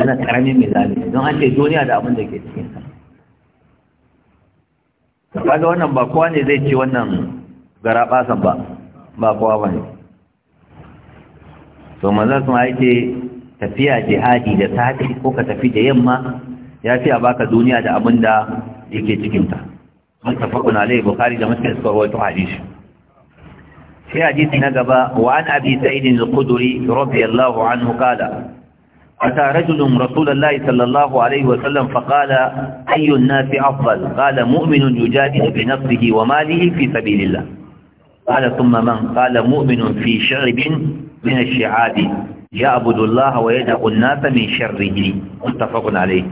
ana karamin misali don an ce duniya da abin da ke cikin sa kaga wannan ba kowa ne zai ce wannan gara basan ba ba kowa ba ne to maza kuma yake tafiya jihadi da safi ko ka tafi da yamma ya fi a baka duniya da abin da yake cikinta an tafi kuna laye bukari da muskin suka rawaito hadis sai hadisi na gaba wa an abi sa'idin al-quduri radiyallahu anhu qala اتى رجل wa الله صلى الله عليه وسلم فقال اي الناس افضل قال مؤمن يجادل بنفسه وماله في سبيل الله قال ثم من قال مؤمن في شعب min ash-shi'abi ya'budu Allah wa yad'u an-nasa min sharrihi muttafaqun alayh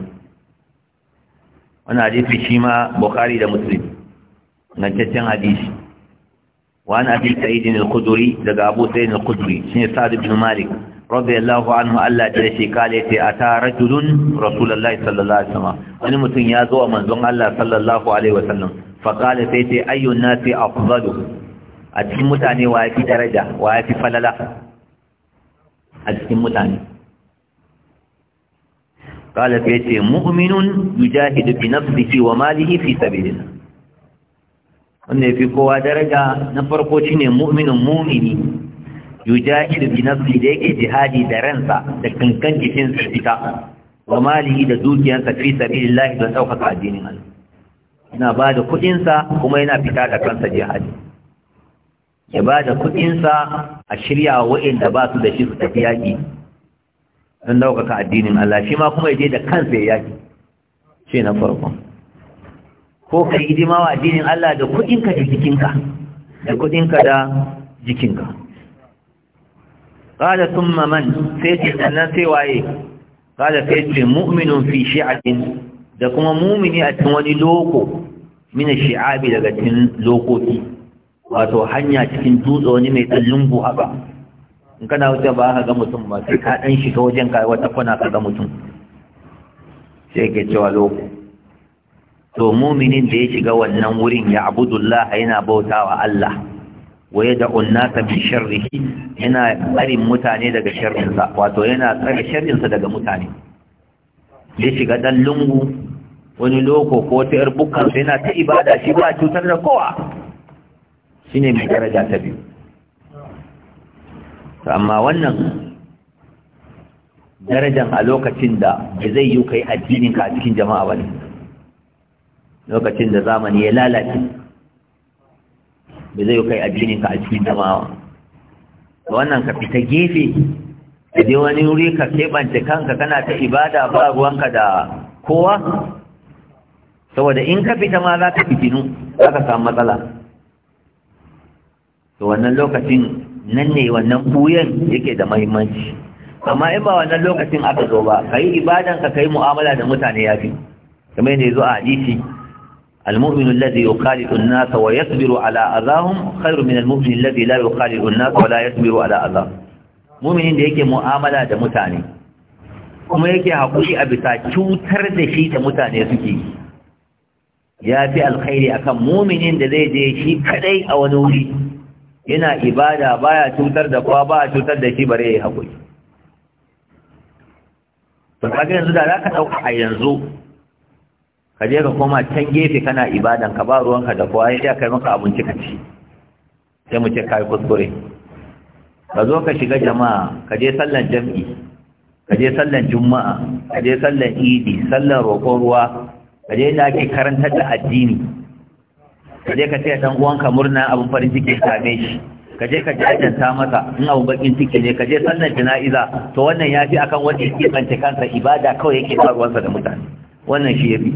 wannan hadisi shi ma Bukhari da Muslim nan taccen hadisi wa an abi sa'id al-khudri daga Abu Sa'id al-Khudri shine Sa'd ibn Malik radiyallahu anhu Allah da shi kale sai ata rajulun rasulullahi sallallahu alaihi wasallam wani mutum ya zo a manzon Allah sallallahu alaihi wasallam fa kale sai sai ayyun a cikin mutane wa yafi daraja wa fi falala a cikin mutane kala ya ce mu'minun yujahidu bi nafsihi wa malihi fi sabilillah wanda fi kowa daraja na farko shine mu'minun mu'mini yujahidu bi nafsihi da yake jihadi da ransa da kankan jikin fita wa malihi da dukiyarsa fi sabilillah don ɗaukaka addinin Allah ina ba da kuɗinsa kuma yana fita da kansa jihadi ya ba da kuɗinsa a shirya wa waɗanda ba su da shi su tafi yaƙi don ɗaukaka addinin Allah shi ma kuma ya je da kansa ya yaƙi shi na farko ko ka yi dima wa addinin Allah da kuɗinka da jikinka da kuɗinka da jikinka sai ce sannan sai waye سيواي sai ce mu'minun fi شعب da kuma mumini a cikin wani loko mina shi'abi daga cikin lokoki wato hanya cikin dutse wani mai ɗan lungu haka in kana wuce ba ka ga mutum ba sai ka ɗan shiga wajen ka wata kwana ka ga mutum sai ke cewa lo to muminin da ya shiga wannan wurin ya abudullah yana bautawa Allah wa yada unnaka bi sharrihi yana tsarin mutane daga sa wato yana tsare sa daga mutane ya shiga dan lungu wani loko ko ta yar bukkan sai yana ta ibada shi ba cutar da kowa ne mai daraja ta biyu to amma wannan darajan a lokacin da ba zai yi kai addinin ka a cikin jama'a ba ne lokacin da zamani ya lalace ba zai yi kai addinin ka a cikin jama'a wannan ka fita gefe ka je wani wuri ka keɓance kanka kana ta ibada ba ruwanka da kowa saboda in ka fita ma za ka fitinu za ka samu matsala to wannan lokacin nan ne wannan buyan yake da mahimmanci amma in ba wannan lokacin aka zo ba ka yi ibadan ka kai mu'amala da mutane ya fi kamar yadda ya zo a hadisi المؤمن الذي يخالط الناس ويصبر على أذاهم خير من المؤمن الذي لا يخالط الناس ولا يصبر على أذاهم muminin da yake mu'amala da mutane kuma yake haƙuri a bisa cutar da shi da mutane suke ya fi alkhairi akan muminin da zai je shi kadai a wani wuri yana ibada baya cutar da kowa baya cutar da shi bare yayi hakuri to yanzu da za ka ɗauka a yanzu ka je ka koma can gefe kana ibadan ka ba ruwanka da kowa ya kai maka abinci ka ci sai mu ce ka yi kuskure ka zo ka shiga jama'a ka je sallan jam'i ka je sallan juma'a ka je sallan idi sallan roƙon ruwa ka je inda ake karantar da addini ka je ka taya dan uwanka murna abin farin ciki ya same shi ka je ka jajanta masa in abin bakin ciki ne ka je sannan jana'iza to wannan ya fi akan wanda yake tsance kansa ibada kawai yake faruwansa da mutane wannan shi ya fi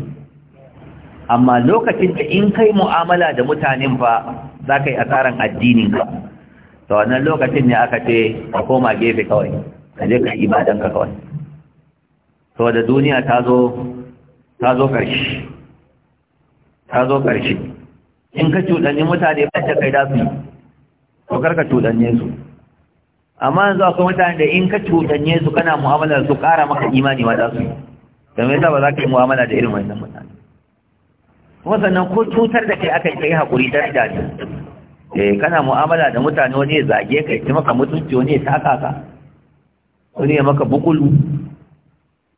amma lokacin da in kai mu'amala da mutanen fa za ka yi asaran ka, to wannan lokacin ne aka ce ka koma gefe kawai ka je ka ibadanka kawai to da duniya ta zo ta zo ƙarshe ta zo ƙarshe in ka cuɗanni mutane ba ta kai dafi to kar ka cuɗanne su amma yanzu akwai mutane da in ka cuɗanne su kana mu'amala su ƙara maka imani ma za su kamar yasa ba za ka yi mu'amala da irin wannan mutane kuma sannan ko cutar da kai aka kai haƙuri daraja ne eh kana mu'amala da mutane wani ya zage ka ya maka mutunci wani ya taka ka wani ya maka bukulu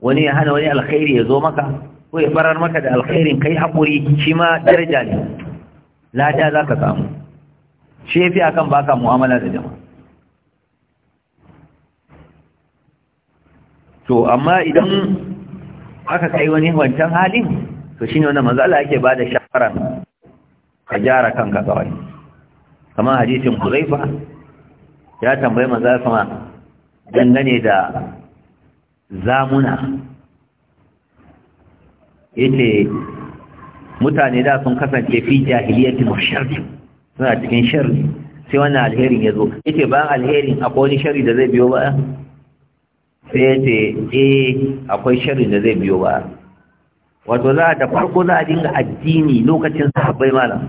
wani ya hana wani alkhairi ya zo maka ko ya farar maka da alkhairin kai haƙuri shi ma daraja ne lada za ka samu shi ya kan baka mu'amala da jama'a to amma idan aka kai wani wancan halin to shi ne wanda Allah ake ba da shafaran ka gyara kanka kawai kamar hadisin huzaifa ya tambayi mazala sama dangane da zamuna yake mutane da sun kasance fi jahiliyyati wa sharri suna cikin sharri sai wannan alherin ya zo yake ba alherin akwai wani sharri da zai biyo ba sai ce eh akwai sharri da zai biyo ba wato za da farko za a dinga addini lokacin sahabbai malam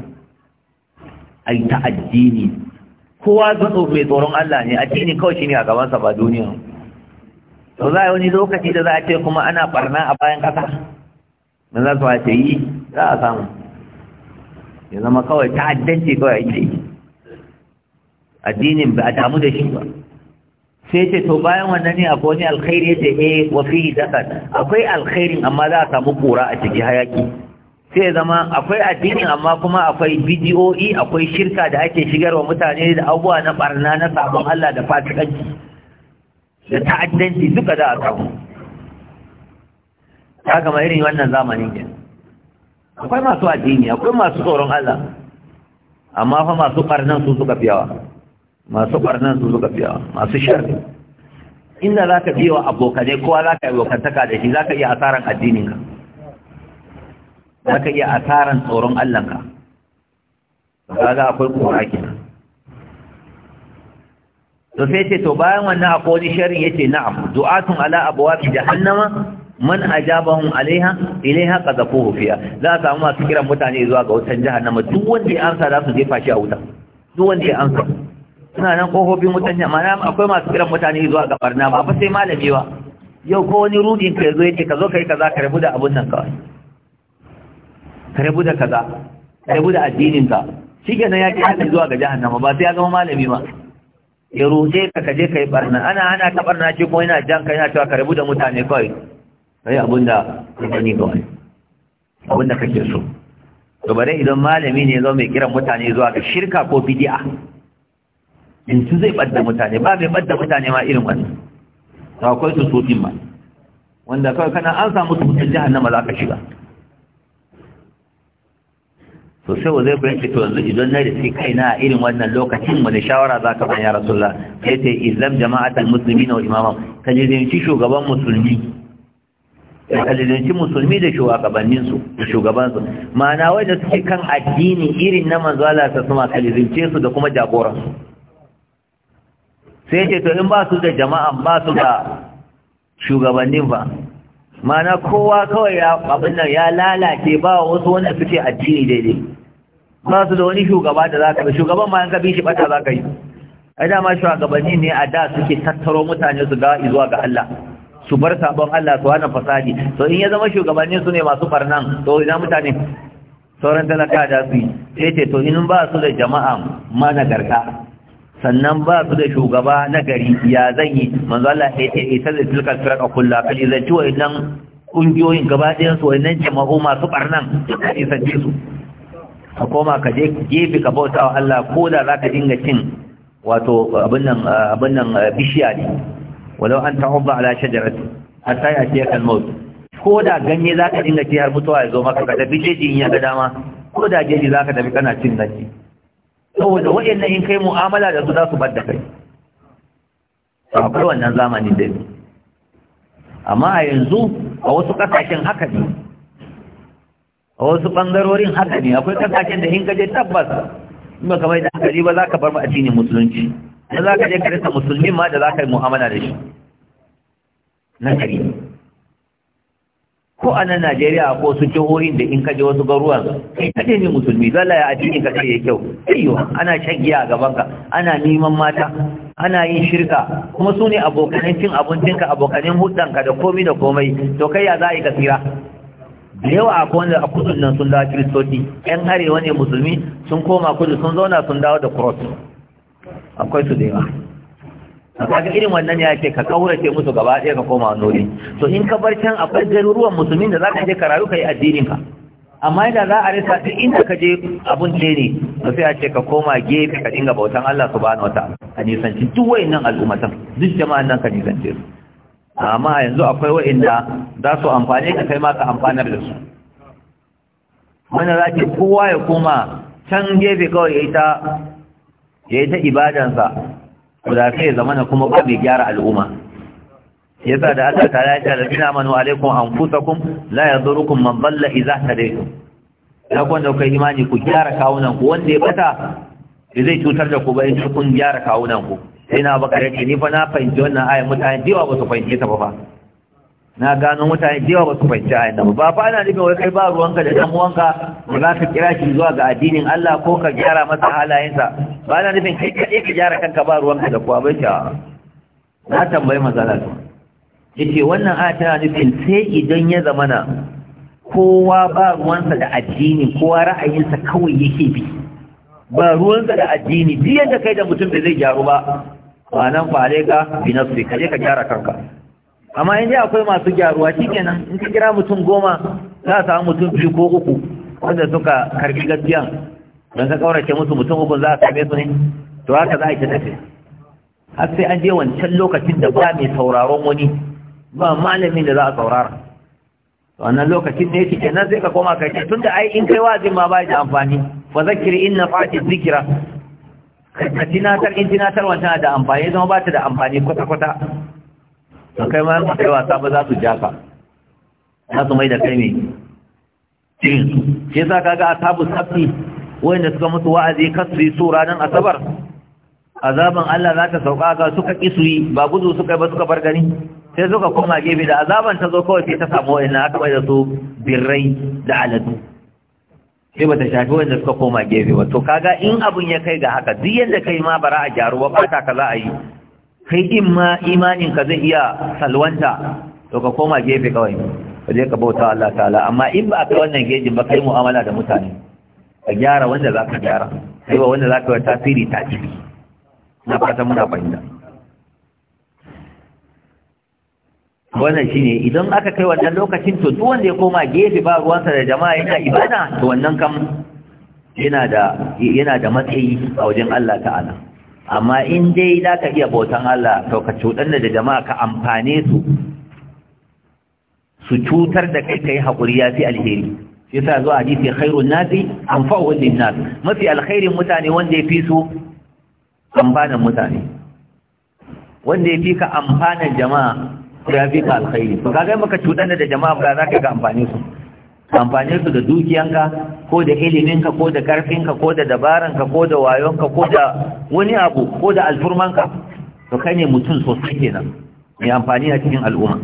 ai ta addini kowa zato mai tsoron Allah ne addini kawai shine a gaban sa ba duniya to za a yi wani lokaci da za a ce kuma ana barna a bayan kasa mun za su wace yi za a samu ya zama kawai ta'addanci kawai ake yi addinin ba a damu da shi ba sai ce to bayan wannan ne akwai wani alkhairi ya ce e wa fihi zakat akwai alkhairin amma za a samu kura a ciki hayaki sai zama akwai addinin amma kuma akwai bidiyoyi akwai shirka da ake shigarwa mutane da abubuwa na barna na sabon Allah da fasikanci da ta'addanci duka za a samu ta gama irin wannan zamanin kenan akwai masu addini akwai masu tsoron Allah amma fa masu barnan su suka fiyawa masu barnan su suka fiyawa masu sharri inda zaka biya abokanai kowa zaka yi abokantaka da shi zaka iya asaran addininka zaka iya asaran tsoron Allahnka kaga akwai kura kenan to sai ce to bayan wannan akwai wani sharri yace na'am du'atun ala abwabi jahannama man ajabahum alaiha ilaiha qadafuhu fiha za a samu masu kiran mutane zuwa ga wutan jahannama duk wanda ya amsa za su jefa shi a wuta duk wanda ya amsa suna nan kofofin wutan jahannama akwai masu kiran mutane zuwa ga barna ba sai malami ba yau ko wani rudin ka zo yace ka zo kai kaza ka rabu da abun nan kawai ka rabu da kaza ka rabu da addinin ka shikenan ya kira zuwa ga jahannama ba sai ya zama malami ba ya ruje ka kaje kai barna ana ana ta barna ce ko yana jan kai yana cewa ka rabu da mutane kawai kai abinda ka gani kawai abinda kake so to bare idan malami ne zo mai kiran mutane zuwa ga shirka ko bid'a in su zai badda mutane ba mai badda mutane ma irin wannan to akwai su sufin ma wanda kawai kana an samu su mutum jahannama za ka shiga to sai zai ku yanke to yanzu idan na risi kaina a irin wannan lokacin wani shawara za ka ban ya rasulullah sai ta yi izam jama'atan musulmi na imama ka jizinci shugaban musulmi kalilinci musulmi da shugabanninsu da shugabansu ma'ana wai da suke kan addini irin na manzo Allah ta suma kalilince su da kuma jagoransu sai ce to in ba su da jama'a ba su da shugabannin ba ma'ana kowa kawai ya abin nan ya lalace ba wasu wanda suke addini daidai ba su da wani shugaba da za ka shugaban ma ka bi shi bata za ka yi ai dama shugabanni ne a da suke tattaro mutane su ga zuwa ga Allah su bar sabon Allah su hana fasadi to in ya zama shugabanni su ne masu barnan to ina mutane sauran talaka da su sai ce to in ba su da jama'a ma nagarta sannan ba su da shugaba na gari ya zan yi manzo Allah ya ce ita da tilkal a kullu kal izan ci idan kungiyoyin gaba ɗayan su wannan jama'u masu barnan duka isan su ka koma ka je gefe ka bauta wa Allah ko da zaka dinga cin wato abin nan bishiya ne walau an ta'udda ala shajarati hatta ya'tiyaka al-maut ko da ganye za ka dinga ci har mutuwa ya zo maka ka tafi jeji in ya ga dama ko da jeji za ka tafi kana cin naci saboda waɗannan in kai mu'amala da su za su bar da kai akwai wannan zamani da ne amma a yanzu a wasu ƙasashen haka ne a wasu ɓangarorin haka ne akwai ƙasashen da in ka tabbas in ba ka mai da hankali ba za ka bar mu addinin musulunci dan za ka je ka rasa musulmin ma da za ka yi mu'amala da shi na kari ko a nan Najeriya ko su jihohin da in ka je wasu garuwa kai kaɗai ne musulmi zalla ya addinin ka sai ya kyau ayyo ana shagiya a gaban ka ana neman mata ana yin shirka kuma su ne abokanin cin abincin ka, abokanin ka da komai da komai to kai ya za a yi kasira da yawa akwai a kudu nan sun dawo kiristoci yan arewa ne musulmi sun koma kudu sun zauna sun dawo da cross akwai su da yawa a kaga irin wannan ya ce ka kaurace musu gaba ɗaya ka koma wani to in ka bar can akwai garuruwan musulmin da za ka je ka rayu ka yi addinin ka amma da za a rasa duk inda ka je abun ce ne to sai a ce ka koma gefe ka dinga bautan Allah subhanahu wataala ka nisanci duk wayannan al'ummatan duk jama'an nan ka nisanci su amma yanzu akwai wa'inda za su amfani da kai ma ka amfanar da su Wannan za ce kowa ya koma can gefe kawai ya yi ta ya yi ta ibadansa guda sai zama na kuma babu mai gyara al'umma yasa da aka tare da alladina amanu alaikum anfusakum la yadurukum man dalla idza tadaytum na kwanda kai imani ku gyara kawunan ku wanda ya bata zai cutar da ku ba in kun gyara kawunan ku sai na baka yace ni fa na fahimci wannan ayat mutane da yawa ba su fahimci ta ba na gano mutane cewa ba su fahimci ayyana nan ba ba ana nufin wai kai ba ruwanka da dan uwanka ba za ka kira shi zuwa ga addinin Allah ko ka gyara masa halayensa ba ana nufin kai kaɗai ka gyara kanka ba ruwanka da kowa bai ta na tambayi mazala su ce wannan aya tana nufin sai idan ya zamana kowa ba ruwansa da addini kowa ra'ayinsa kawai yake bi ba ruwansa da addini duk yadda kai da mutum bai zai gyaru ba ba nan fa ka bi nafsi ka je ka gyara kanka amma in akwai masu gyaruwa shikenan in ka kira mutum goma za a samu mutum biyu ko uku wanda suka karbi gaskiya don ka kaurace musu mutum uku za a same su ne to haka za a ta tafi har sai an je wancan lokacin da ba mai sauraron wani ba malamin da za a saurara wannan lokacin ne shi kenan sai ka koma ka ce tunda ai in kai wazin ma ba da amfani fa zakiri in na fati zikira ka tinatar in tinatar wancan da amfani zama ba ta da amfani kwata-kwata to kai ma kai wasa ba za su jafa za su mai da kai ne shi yasa kaga ashabu safi wanda suka mutu wa'azi kasri su ranar asabar azaban Allah za ta sauka ga suka ki yi ba gudu suka yi ba suka bar gani sai suka koma gefe da azaban ta zo kawai sai ta samu wa'ina aka bai da su birrai da aladu sai ba ta shafi wanda suka koma gefe ba to kaga in abun ya kai ga haka duk yadda kai ma bara a gyaru ba ta ka za a yi kai din ma imanin ka zai iya salwanta to ka koma gefe kawai ka je ka bauta Allah ta'ala amma in ba ka wannan gejin ba kai mu'amala da mutane ka gyara wanda za ka gyara sai ba wanda za ka yi tasiri tasiri na fata muna fahimta wannan shine idan aka kai wannan lokacin to duk wanda ya koma gefe ba ruwansa da jama'a yana ibada to wannan kam yana da yana da matsayi a wajen Allah ta'ala amma in dai za ka iya bautan Allah to ka cuɗanna da jama'a ka amfane su su cutar da kai kai haƙuri ya fi alheri shi sa zuwa hadisi khairun nasi anfa'u lin nas mafi alkhairin mutane wanda ya fi su amfanan mutane wanda ya fi ka amfanan jama'a ya fi ka alkhairi to kaga maka cuɗanna da jama'a ba za ka ga amfane su amfanin su da dukiyanka ko da iliminka ko da karfinka ko da dabaranka ko da wayonka ko da wani abu ko da alfurmanka to kai ne mutum sosai kenan mai amfani a cikin al'umma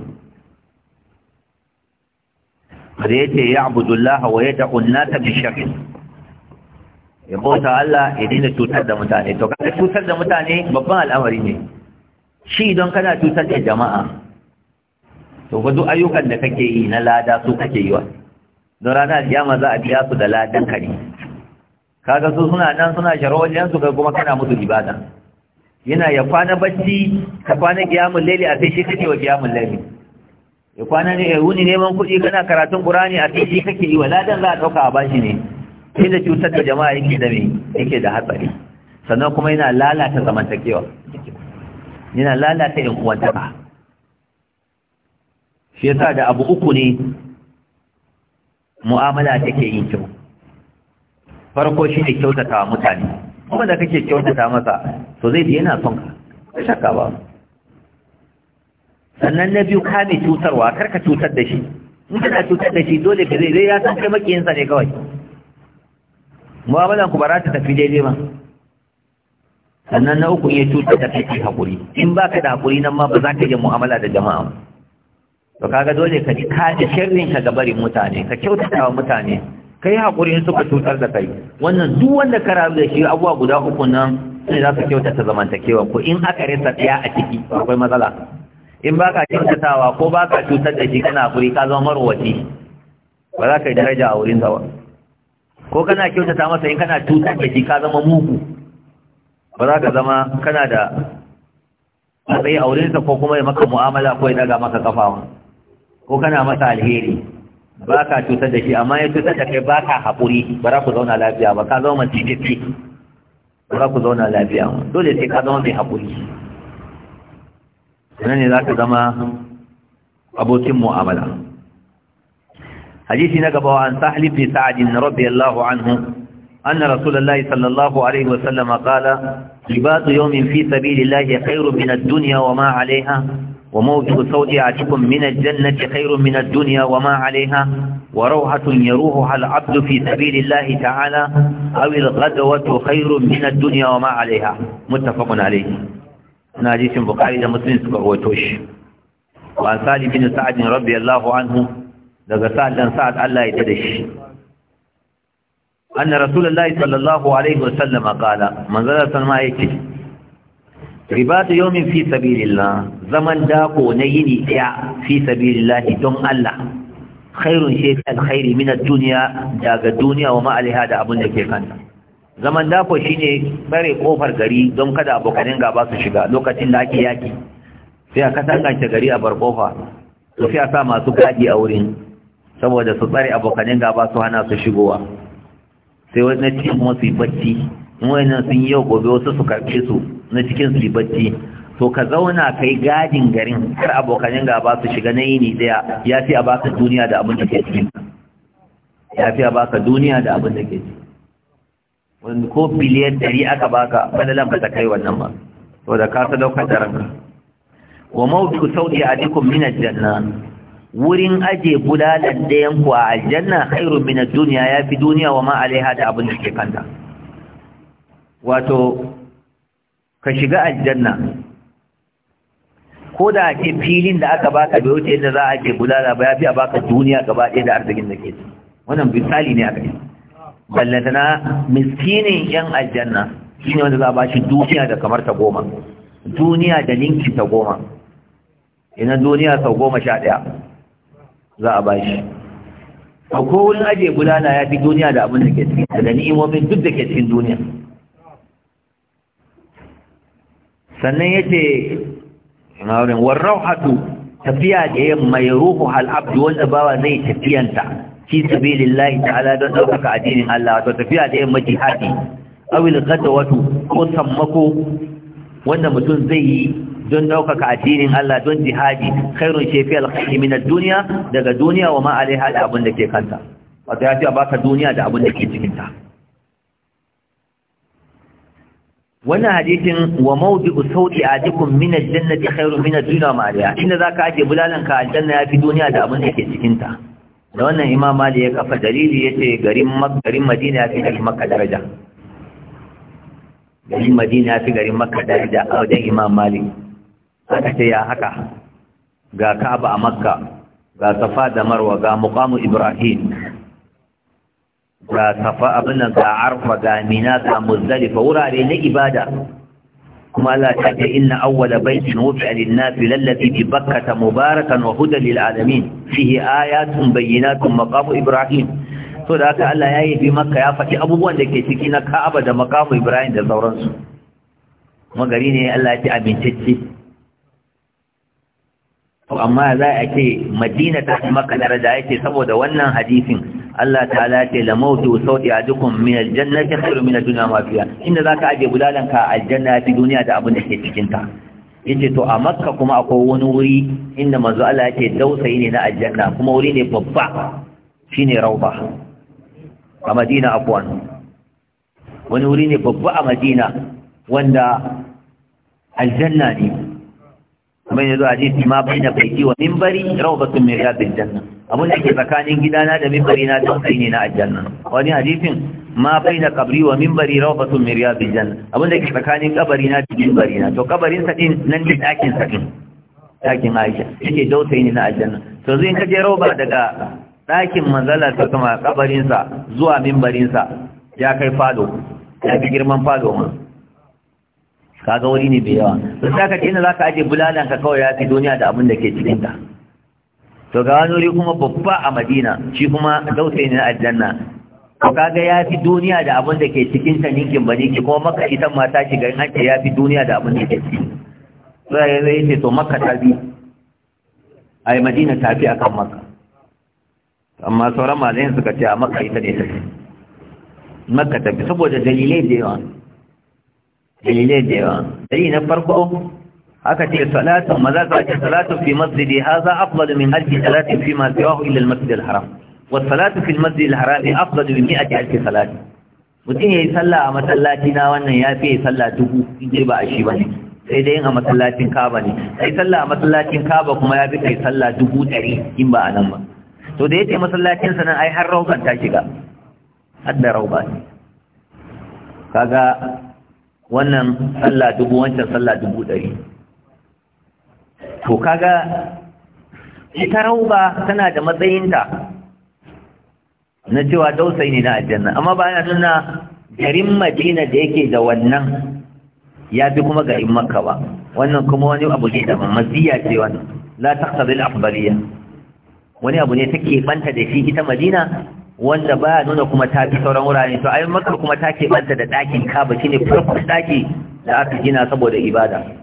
da yace ya abudullaha wa ya nata bi shakki ya bauta Allah ya dina cutar da mutane to kada cutar da mutane babban al'amari ne shi don kana cutar da jama'a to fa duk ayyukan da kake yi na lada su kake yi wa don rana kiyama za a biya su da ladan kare kaga su suna nan suna sharawajen su kai kuma kana musu ibada yana ya kwana bacci ka kwana kiyamul laili a sai shi kake wa kiyamul laili ya kwana ne wuni neman kuɗi kana karatun qur'ani a sai shi kake yi wa ladan za a dauka a bashi ne sai da cutar da jama'a yake da me yake da hatsari sannan kuma yana lalata zamantakewa yana lalata yan uwantaka shi yasa da abu uku ne mu'amala take yin kyau farko shi ne kyautata wa mutane kuma da kake kyautata masa to zai ji yana son ka shakka ba sannan na biyu kame cutarwa kar ka cutar da shi in kana cutar da shi dole ka zai ya san kai makiyinsa ne kawai mu'amalan ku ba za ta tafi daidai ba sannan na uku iya cutar da kake hakuri in baka da hakuri nan ma ba za ka yi mu'amala da jama'a ba. to kaga dole ka ji kaɗe shirin ka ga bari mutane ka kyautata wa mutane kai su suka cutar da kai wannan duk wanda ka rabu da shi abuwa guda uku nan sai za ka kyautata zamantakewa ko in aka rasa ɗaya a ciki akwai matsala in ba ka kyautatawa ko ba ka cutar da shi kana haƙuri ka zama marwaci ba za ka yi daraja a wurin zawa ko kana kyautata masa in kana tutar da shi ka zama mugu ba za ka zama kana da matsayi a wurinsa ko kuma ya maka mu'amala ko ya daga maka kafawa ko kana masa alheri ba ka cutar da shi amma ya cutar da kai ba ka haƙuri ba za ku zauna lafiya ba ka zama mace ba za ku zauna lafiya ba dole sai ka zama mai haƙuri sannan ne za ka zama abokin mu'amala hadisi na gaba wa an sahli bin sa'adin radiyallahu anhu أن رسول Sallallahu Alaihi Wasallama. عليه Libatu قال fi يوم في سبيل الله خير wa ma وما وموضع صوت عتب من الجنة خير من الدنيا وما عليها وروحة يروحها العبد في سبيل الله تعالى أو الغدوة خير من الدنيا وما عليها متفق عليه ناجيس بقاري مسلم سكوتوش وعن سالي بن سعد رضي الله عنه لقى سعد بن سعد الله يتدش أن رسول الله صلى الله عليه وسلم قال من ذلك ما يكتب ribatu yawmin fi sabilillah zaman dako na yini daya fi sabilillah don Allah khairun shi alkhairi min ad-dunya daga duniya wa ma alaiha da abun da ke kanta zaman dako shine bare kofar gari don kada abokanin gaba su shiga lokacin da ake yaki sai a ta gari a bar kofa to sai a sa masu gadi a wurin saboda su tsare abokanin gaba su hana su shigowa sai wani cikin kuma su yi bacci wani sun yi yau gobe wasu su karfe su na cikin sibatti to ka zauna kai gadin garin kar abokanin gaba su shiga na yini daya ya fi a baka duniya da abin da ke cikin ya fi a baka duniya da abin da ke cikin wanda ko biliyan ɗari aka baka fadalan ba ta kai wannan ba to da ka sadaukar da ranka wa mawdu sauti adikum min aljanna wurin aje bulalan dayan ku a aljanna khairu min ad-dunya ya fi duniya wa ma alaiha da abin da ke kanta wato ka shiga aljanna ko da ake filin da aka baka bai wuce yadda za a ke bulala ba ya fi a baka duniya gaba ɗaya da arzikin da ke wannan misali ne aka yi na miskinin yan aljanna shi ne wanda za a ba shi duniya da kamar ta goma duniya da ninki ta goma ina duniya sau goma sha ɗaya za a ba shi a kowurin aje bulala ya fi duniya da abin da ke ciki da ni'imomin duk da ke cikin duniya sannan yace maurin rauhatu tafiya da yamma mai ruhu abdu wanda bawa zai tafiyanta fi sabilillahi ta'ala don ɗaukaka addinin Allah wato tafiya da yamma jihadi awil wato ko sammako wanda mutum zai yi don ɗaukaka addinin Allah don jihadi khairun shefi alkhairi min daga duniya wa ma'alai haɗa abin da ke kanta wato ya ce baka duniya da abin da ke cikin wannan hadisin wa mawdi usawdi ajikum min aljannati jannati khairun min ad-dunya ma aliya inda zaka aje bulalan ka aljanna yafi duniya da abin da ke cikin ta da wannan imam mali ya kafa dalili yace garin garin madina yafi garin makka daraja garin madina yafi garin makka daraja a wajen imam mali aka ce ya haka ga ka'aba a makka ga safa da marwa ga muqamu ibrahim ga safa abin ga arfa ga mina ga muzdalifa wurare na ibada kuma Allah ta ce inna awwala baitin wufi'a lin-nasi lallati bi bakkata mubarakan wa hudan lil-alamin fihi ayatun bayyinatun maqamu ibrahim to da haka Allah ya yabi makka ya faɗi abubuwan da ke ciki na Ka'aba da maqamu ibrahim da sauransu kuma gari ne Allah ya ce abincicci to amma za a ce Madina ta maka Makka daraja yake saboda wannan hadisin Allah ta'ala ce la mautu sauti adukum min aljannati khairu min ad-dunya ma fiha inda zaka aje bulalan ka aljanna fi duniya da abin da ke cikin ta yace to a makka kuma akwai wani wuri inda manzo Allah yake dausayi ne na aljanna kuma wuri ne babba shine rauba a madina afwan wani wuri ne babba a madina wanda aljanna ne kamar yanzu a jisi ma bai na baiki wa mimbari raubatun mai riyadun janna Abun da ke tsakanin gidana da mimbari na tausayi ne na aljanna wani hadisin ma bai na kabri wa mimbari rawfatun miriya riyadil janna Abun da ke tsakanin kabari na da mimbari na to kabarin sa din nan ne dakin sa din dakin Aisha yake dausayi ne na aljanna to zai ka je roba daga dakin manzala ta kuma kabarin sa zuwa mimbarin sa ya kai fado ya fi girman fado ma kaga wuri ne bai yawa to sai ka ce ina zaka aje bulalan ka kawai ya fi duniya da abin da ke cikin ta to ga wani wuri kuma babba a madina shi kuma dausayi ne aljanna to kaga ya fi duniya da abin da ke cikin ta ninkin ba ninki kuma maka ita mata shiga in an ce ya fi duniya da abin da ke ciki sai ya ce to maka ta bi a yi madina ta fi akan maka amma sauran malayin suka ce a maka ita ne ta fi maka ta fi saboda dalilai da yawa dalilai da yawa dalilai na farko aka ce salatu maza ta ce salatu fi masjidi Za a afdalu min alfi salati fi ma siwahu illa al-masjid al-haram wa salatu fi al-masjid ya haram afdalu min ake alfi salatu. mutum ya yi sallah a masallaci na wannan ya fi sallah dubu in ba a shi ba ne. sai dai a masallacin kaba ne sai sallah a masallacin kaba kuma ya fi kai sallah dubu ɗari in ba a nan ba to da yace masallacin sa nan ai har rauban ta shiga har da rauba ne kaga wannan sallah dubu wancan sallah dubu ɗari to kaga ita rauba tana da matsayinta na cewa dausai ne na aljanna amma ba nuna garin madina da yake da wannan ya fi kuma garin makka ba wannan kuma wani abu ne da maziya ce wannan la taqtadi al-afdaliyya wani abu ne take banta da shi ita madina wanda ba nuna kuma ta fi sauran wurare to ai makka kuma ta ke banta da dakin kaba shine farkon daki da aka gina saboda ibada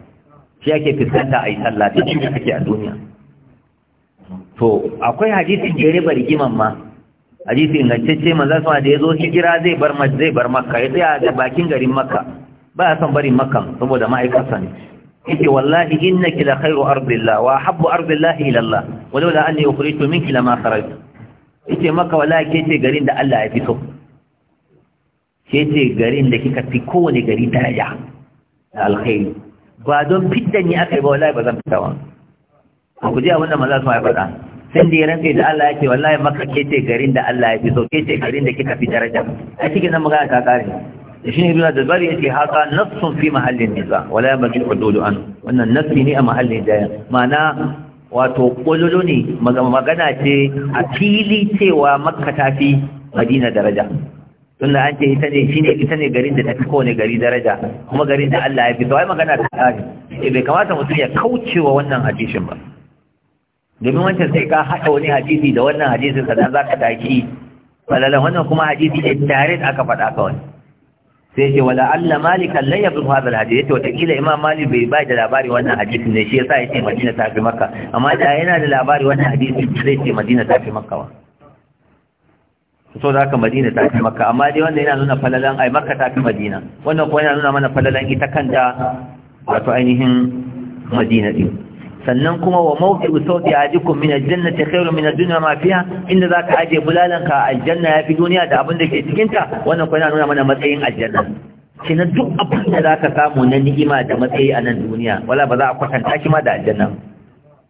shi ake fuskanta a yi sallah ta cikin ake a duniya to akwai hadisi da ya riba rigiman ma hadisi ingantacce manzo sama da ya zo hijira zai bar zai bar makka ya tsaya da bakin garin makka ba a son barin makka saboda ma'aikarsa ne yake wallahi innaki kila khairu ardillah wa habbu ardillah ila Allah walau la anni ukhrijtu minki lama kharajtu yace maka wallahi ke ce garin da Allah ya fito ke ce garin da kika fi kowane gari daraja da alkhairi ba don fidda ni aka yi ba wallahi ba zan fita ba a kuje a wannan maza su ya faɗa sai da ya rantse da Allah ya ce wallahi maka ke ce garin da Allah ya fi so ke ce garin da kika fi daraja a cikin nan magana ta kare shi ne da dabar yake haka nassun fi mahallin nisa wala ya baki hududu an wannan nassi ne a mahallin da ma'ana wato kololo ne magana ce a fili cewa makka ta fi madina daraja tunda an ce ita ne shine ita ne garin da tafi kowane gari daraja kuma garin da Allah ya fi sai magana ta tsari sai eh, bai kamata mutum ya kaucewa wannan hadisin ba domin wancan sai ka haɗa wani hadisi da wannan hadisin sannan za ka taki falalan wannan kuma hadisi ne tare da aka faɗa ka wani sai ce wala Allah malikan lan yabdu hadha alhadith yace watakila imam malik bai ba da labari wannan hadisin ne shi yasa yace madina ta fi makka amma da yana da labari wannan hadisin zai ce madina ta fi makka ba so da ka madina ta fi maka, amma dai wannan yana nuna falalan ai maka ta fi madina wannan kuma yana nuna mana falalan ita kanta wato ainihin madina din sannan kuma wa mawqi sawti ajikum min aljannati jannati min ad-dunya ma fiha inda zaka aje bulalan ka aljanna yafi duniya da abin da ke cikin ta wannan kuma yana nuna mana matsayin aljanna kina duk abin da zaka samu na ni'ima da matsayi a nan duniya wala ba za a kwatanta ki ma da aljanna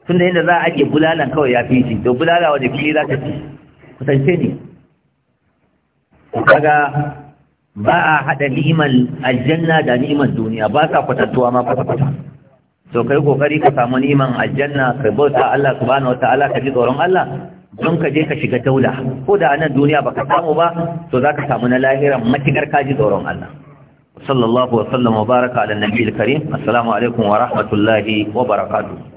tunda inda za a aje bulalan kawai yafi shi to bulala wanda kike zaka ci kusance ne kaga ba a haɗa ni'imar aljanna da ni'imar duniya ba sa kwatantuwa ma kwata-kwata to kai kokari ka samu ni'imar aljanna ka bauta Allah subhanahu wataala ka ji tsoron Allah don ka je ka shiga daula ko da anan duniya baka samu ba to zaka samu na lahiran matikar ka ji tsoron Allah sallallahu wa sallama wa baraka ala nabiyil karim assalamu alaikum wa rahmatullahi wa barakatuh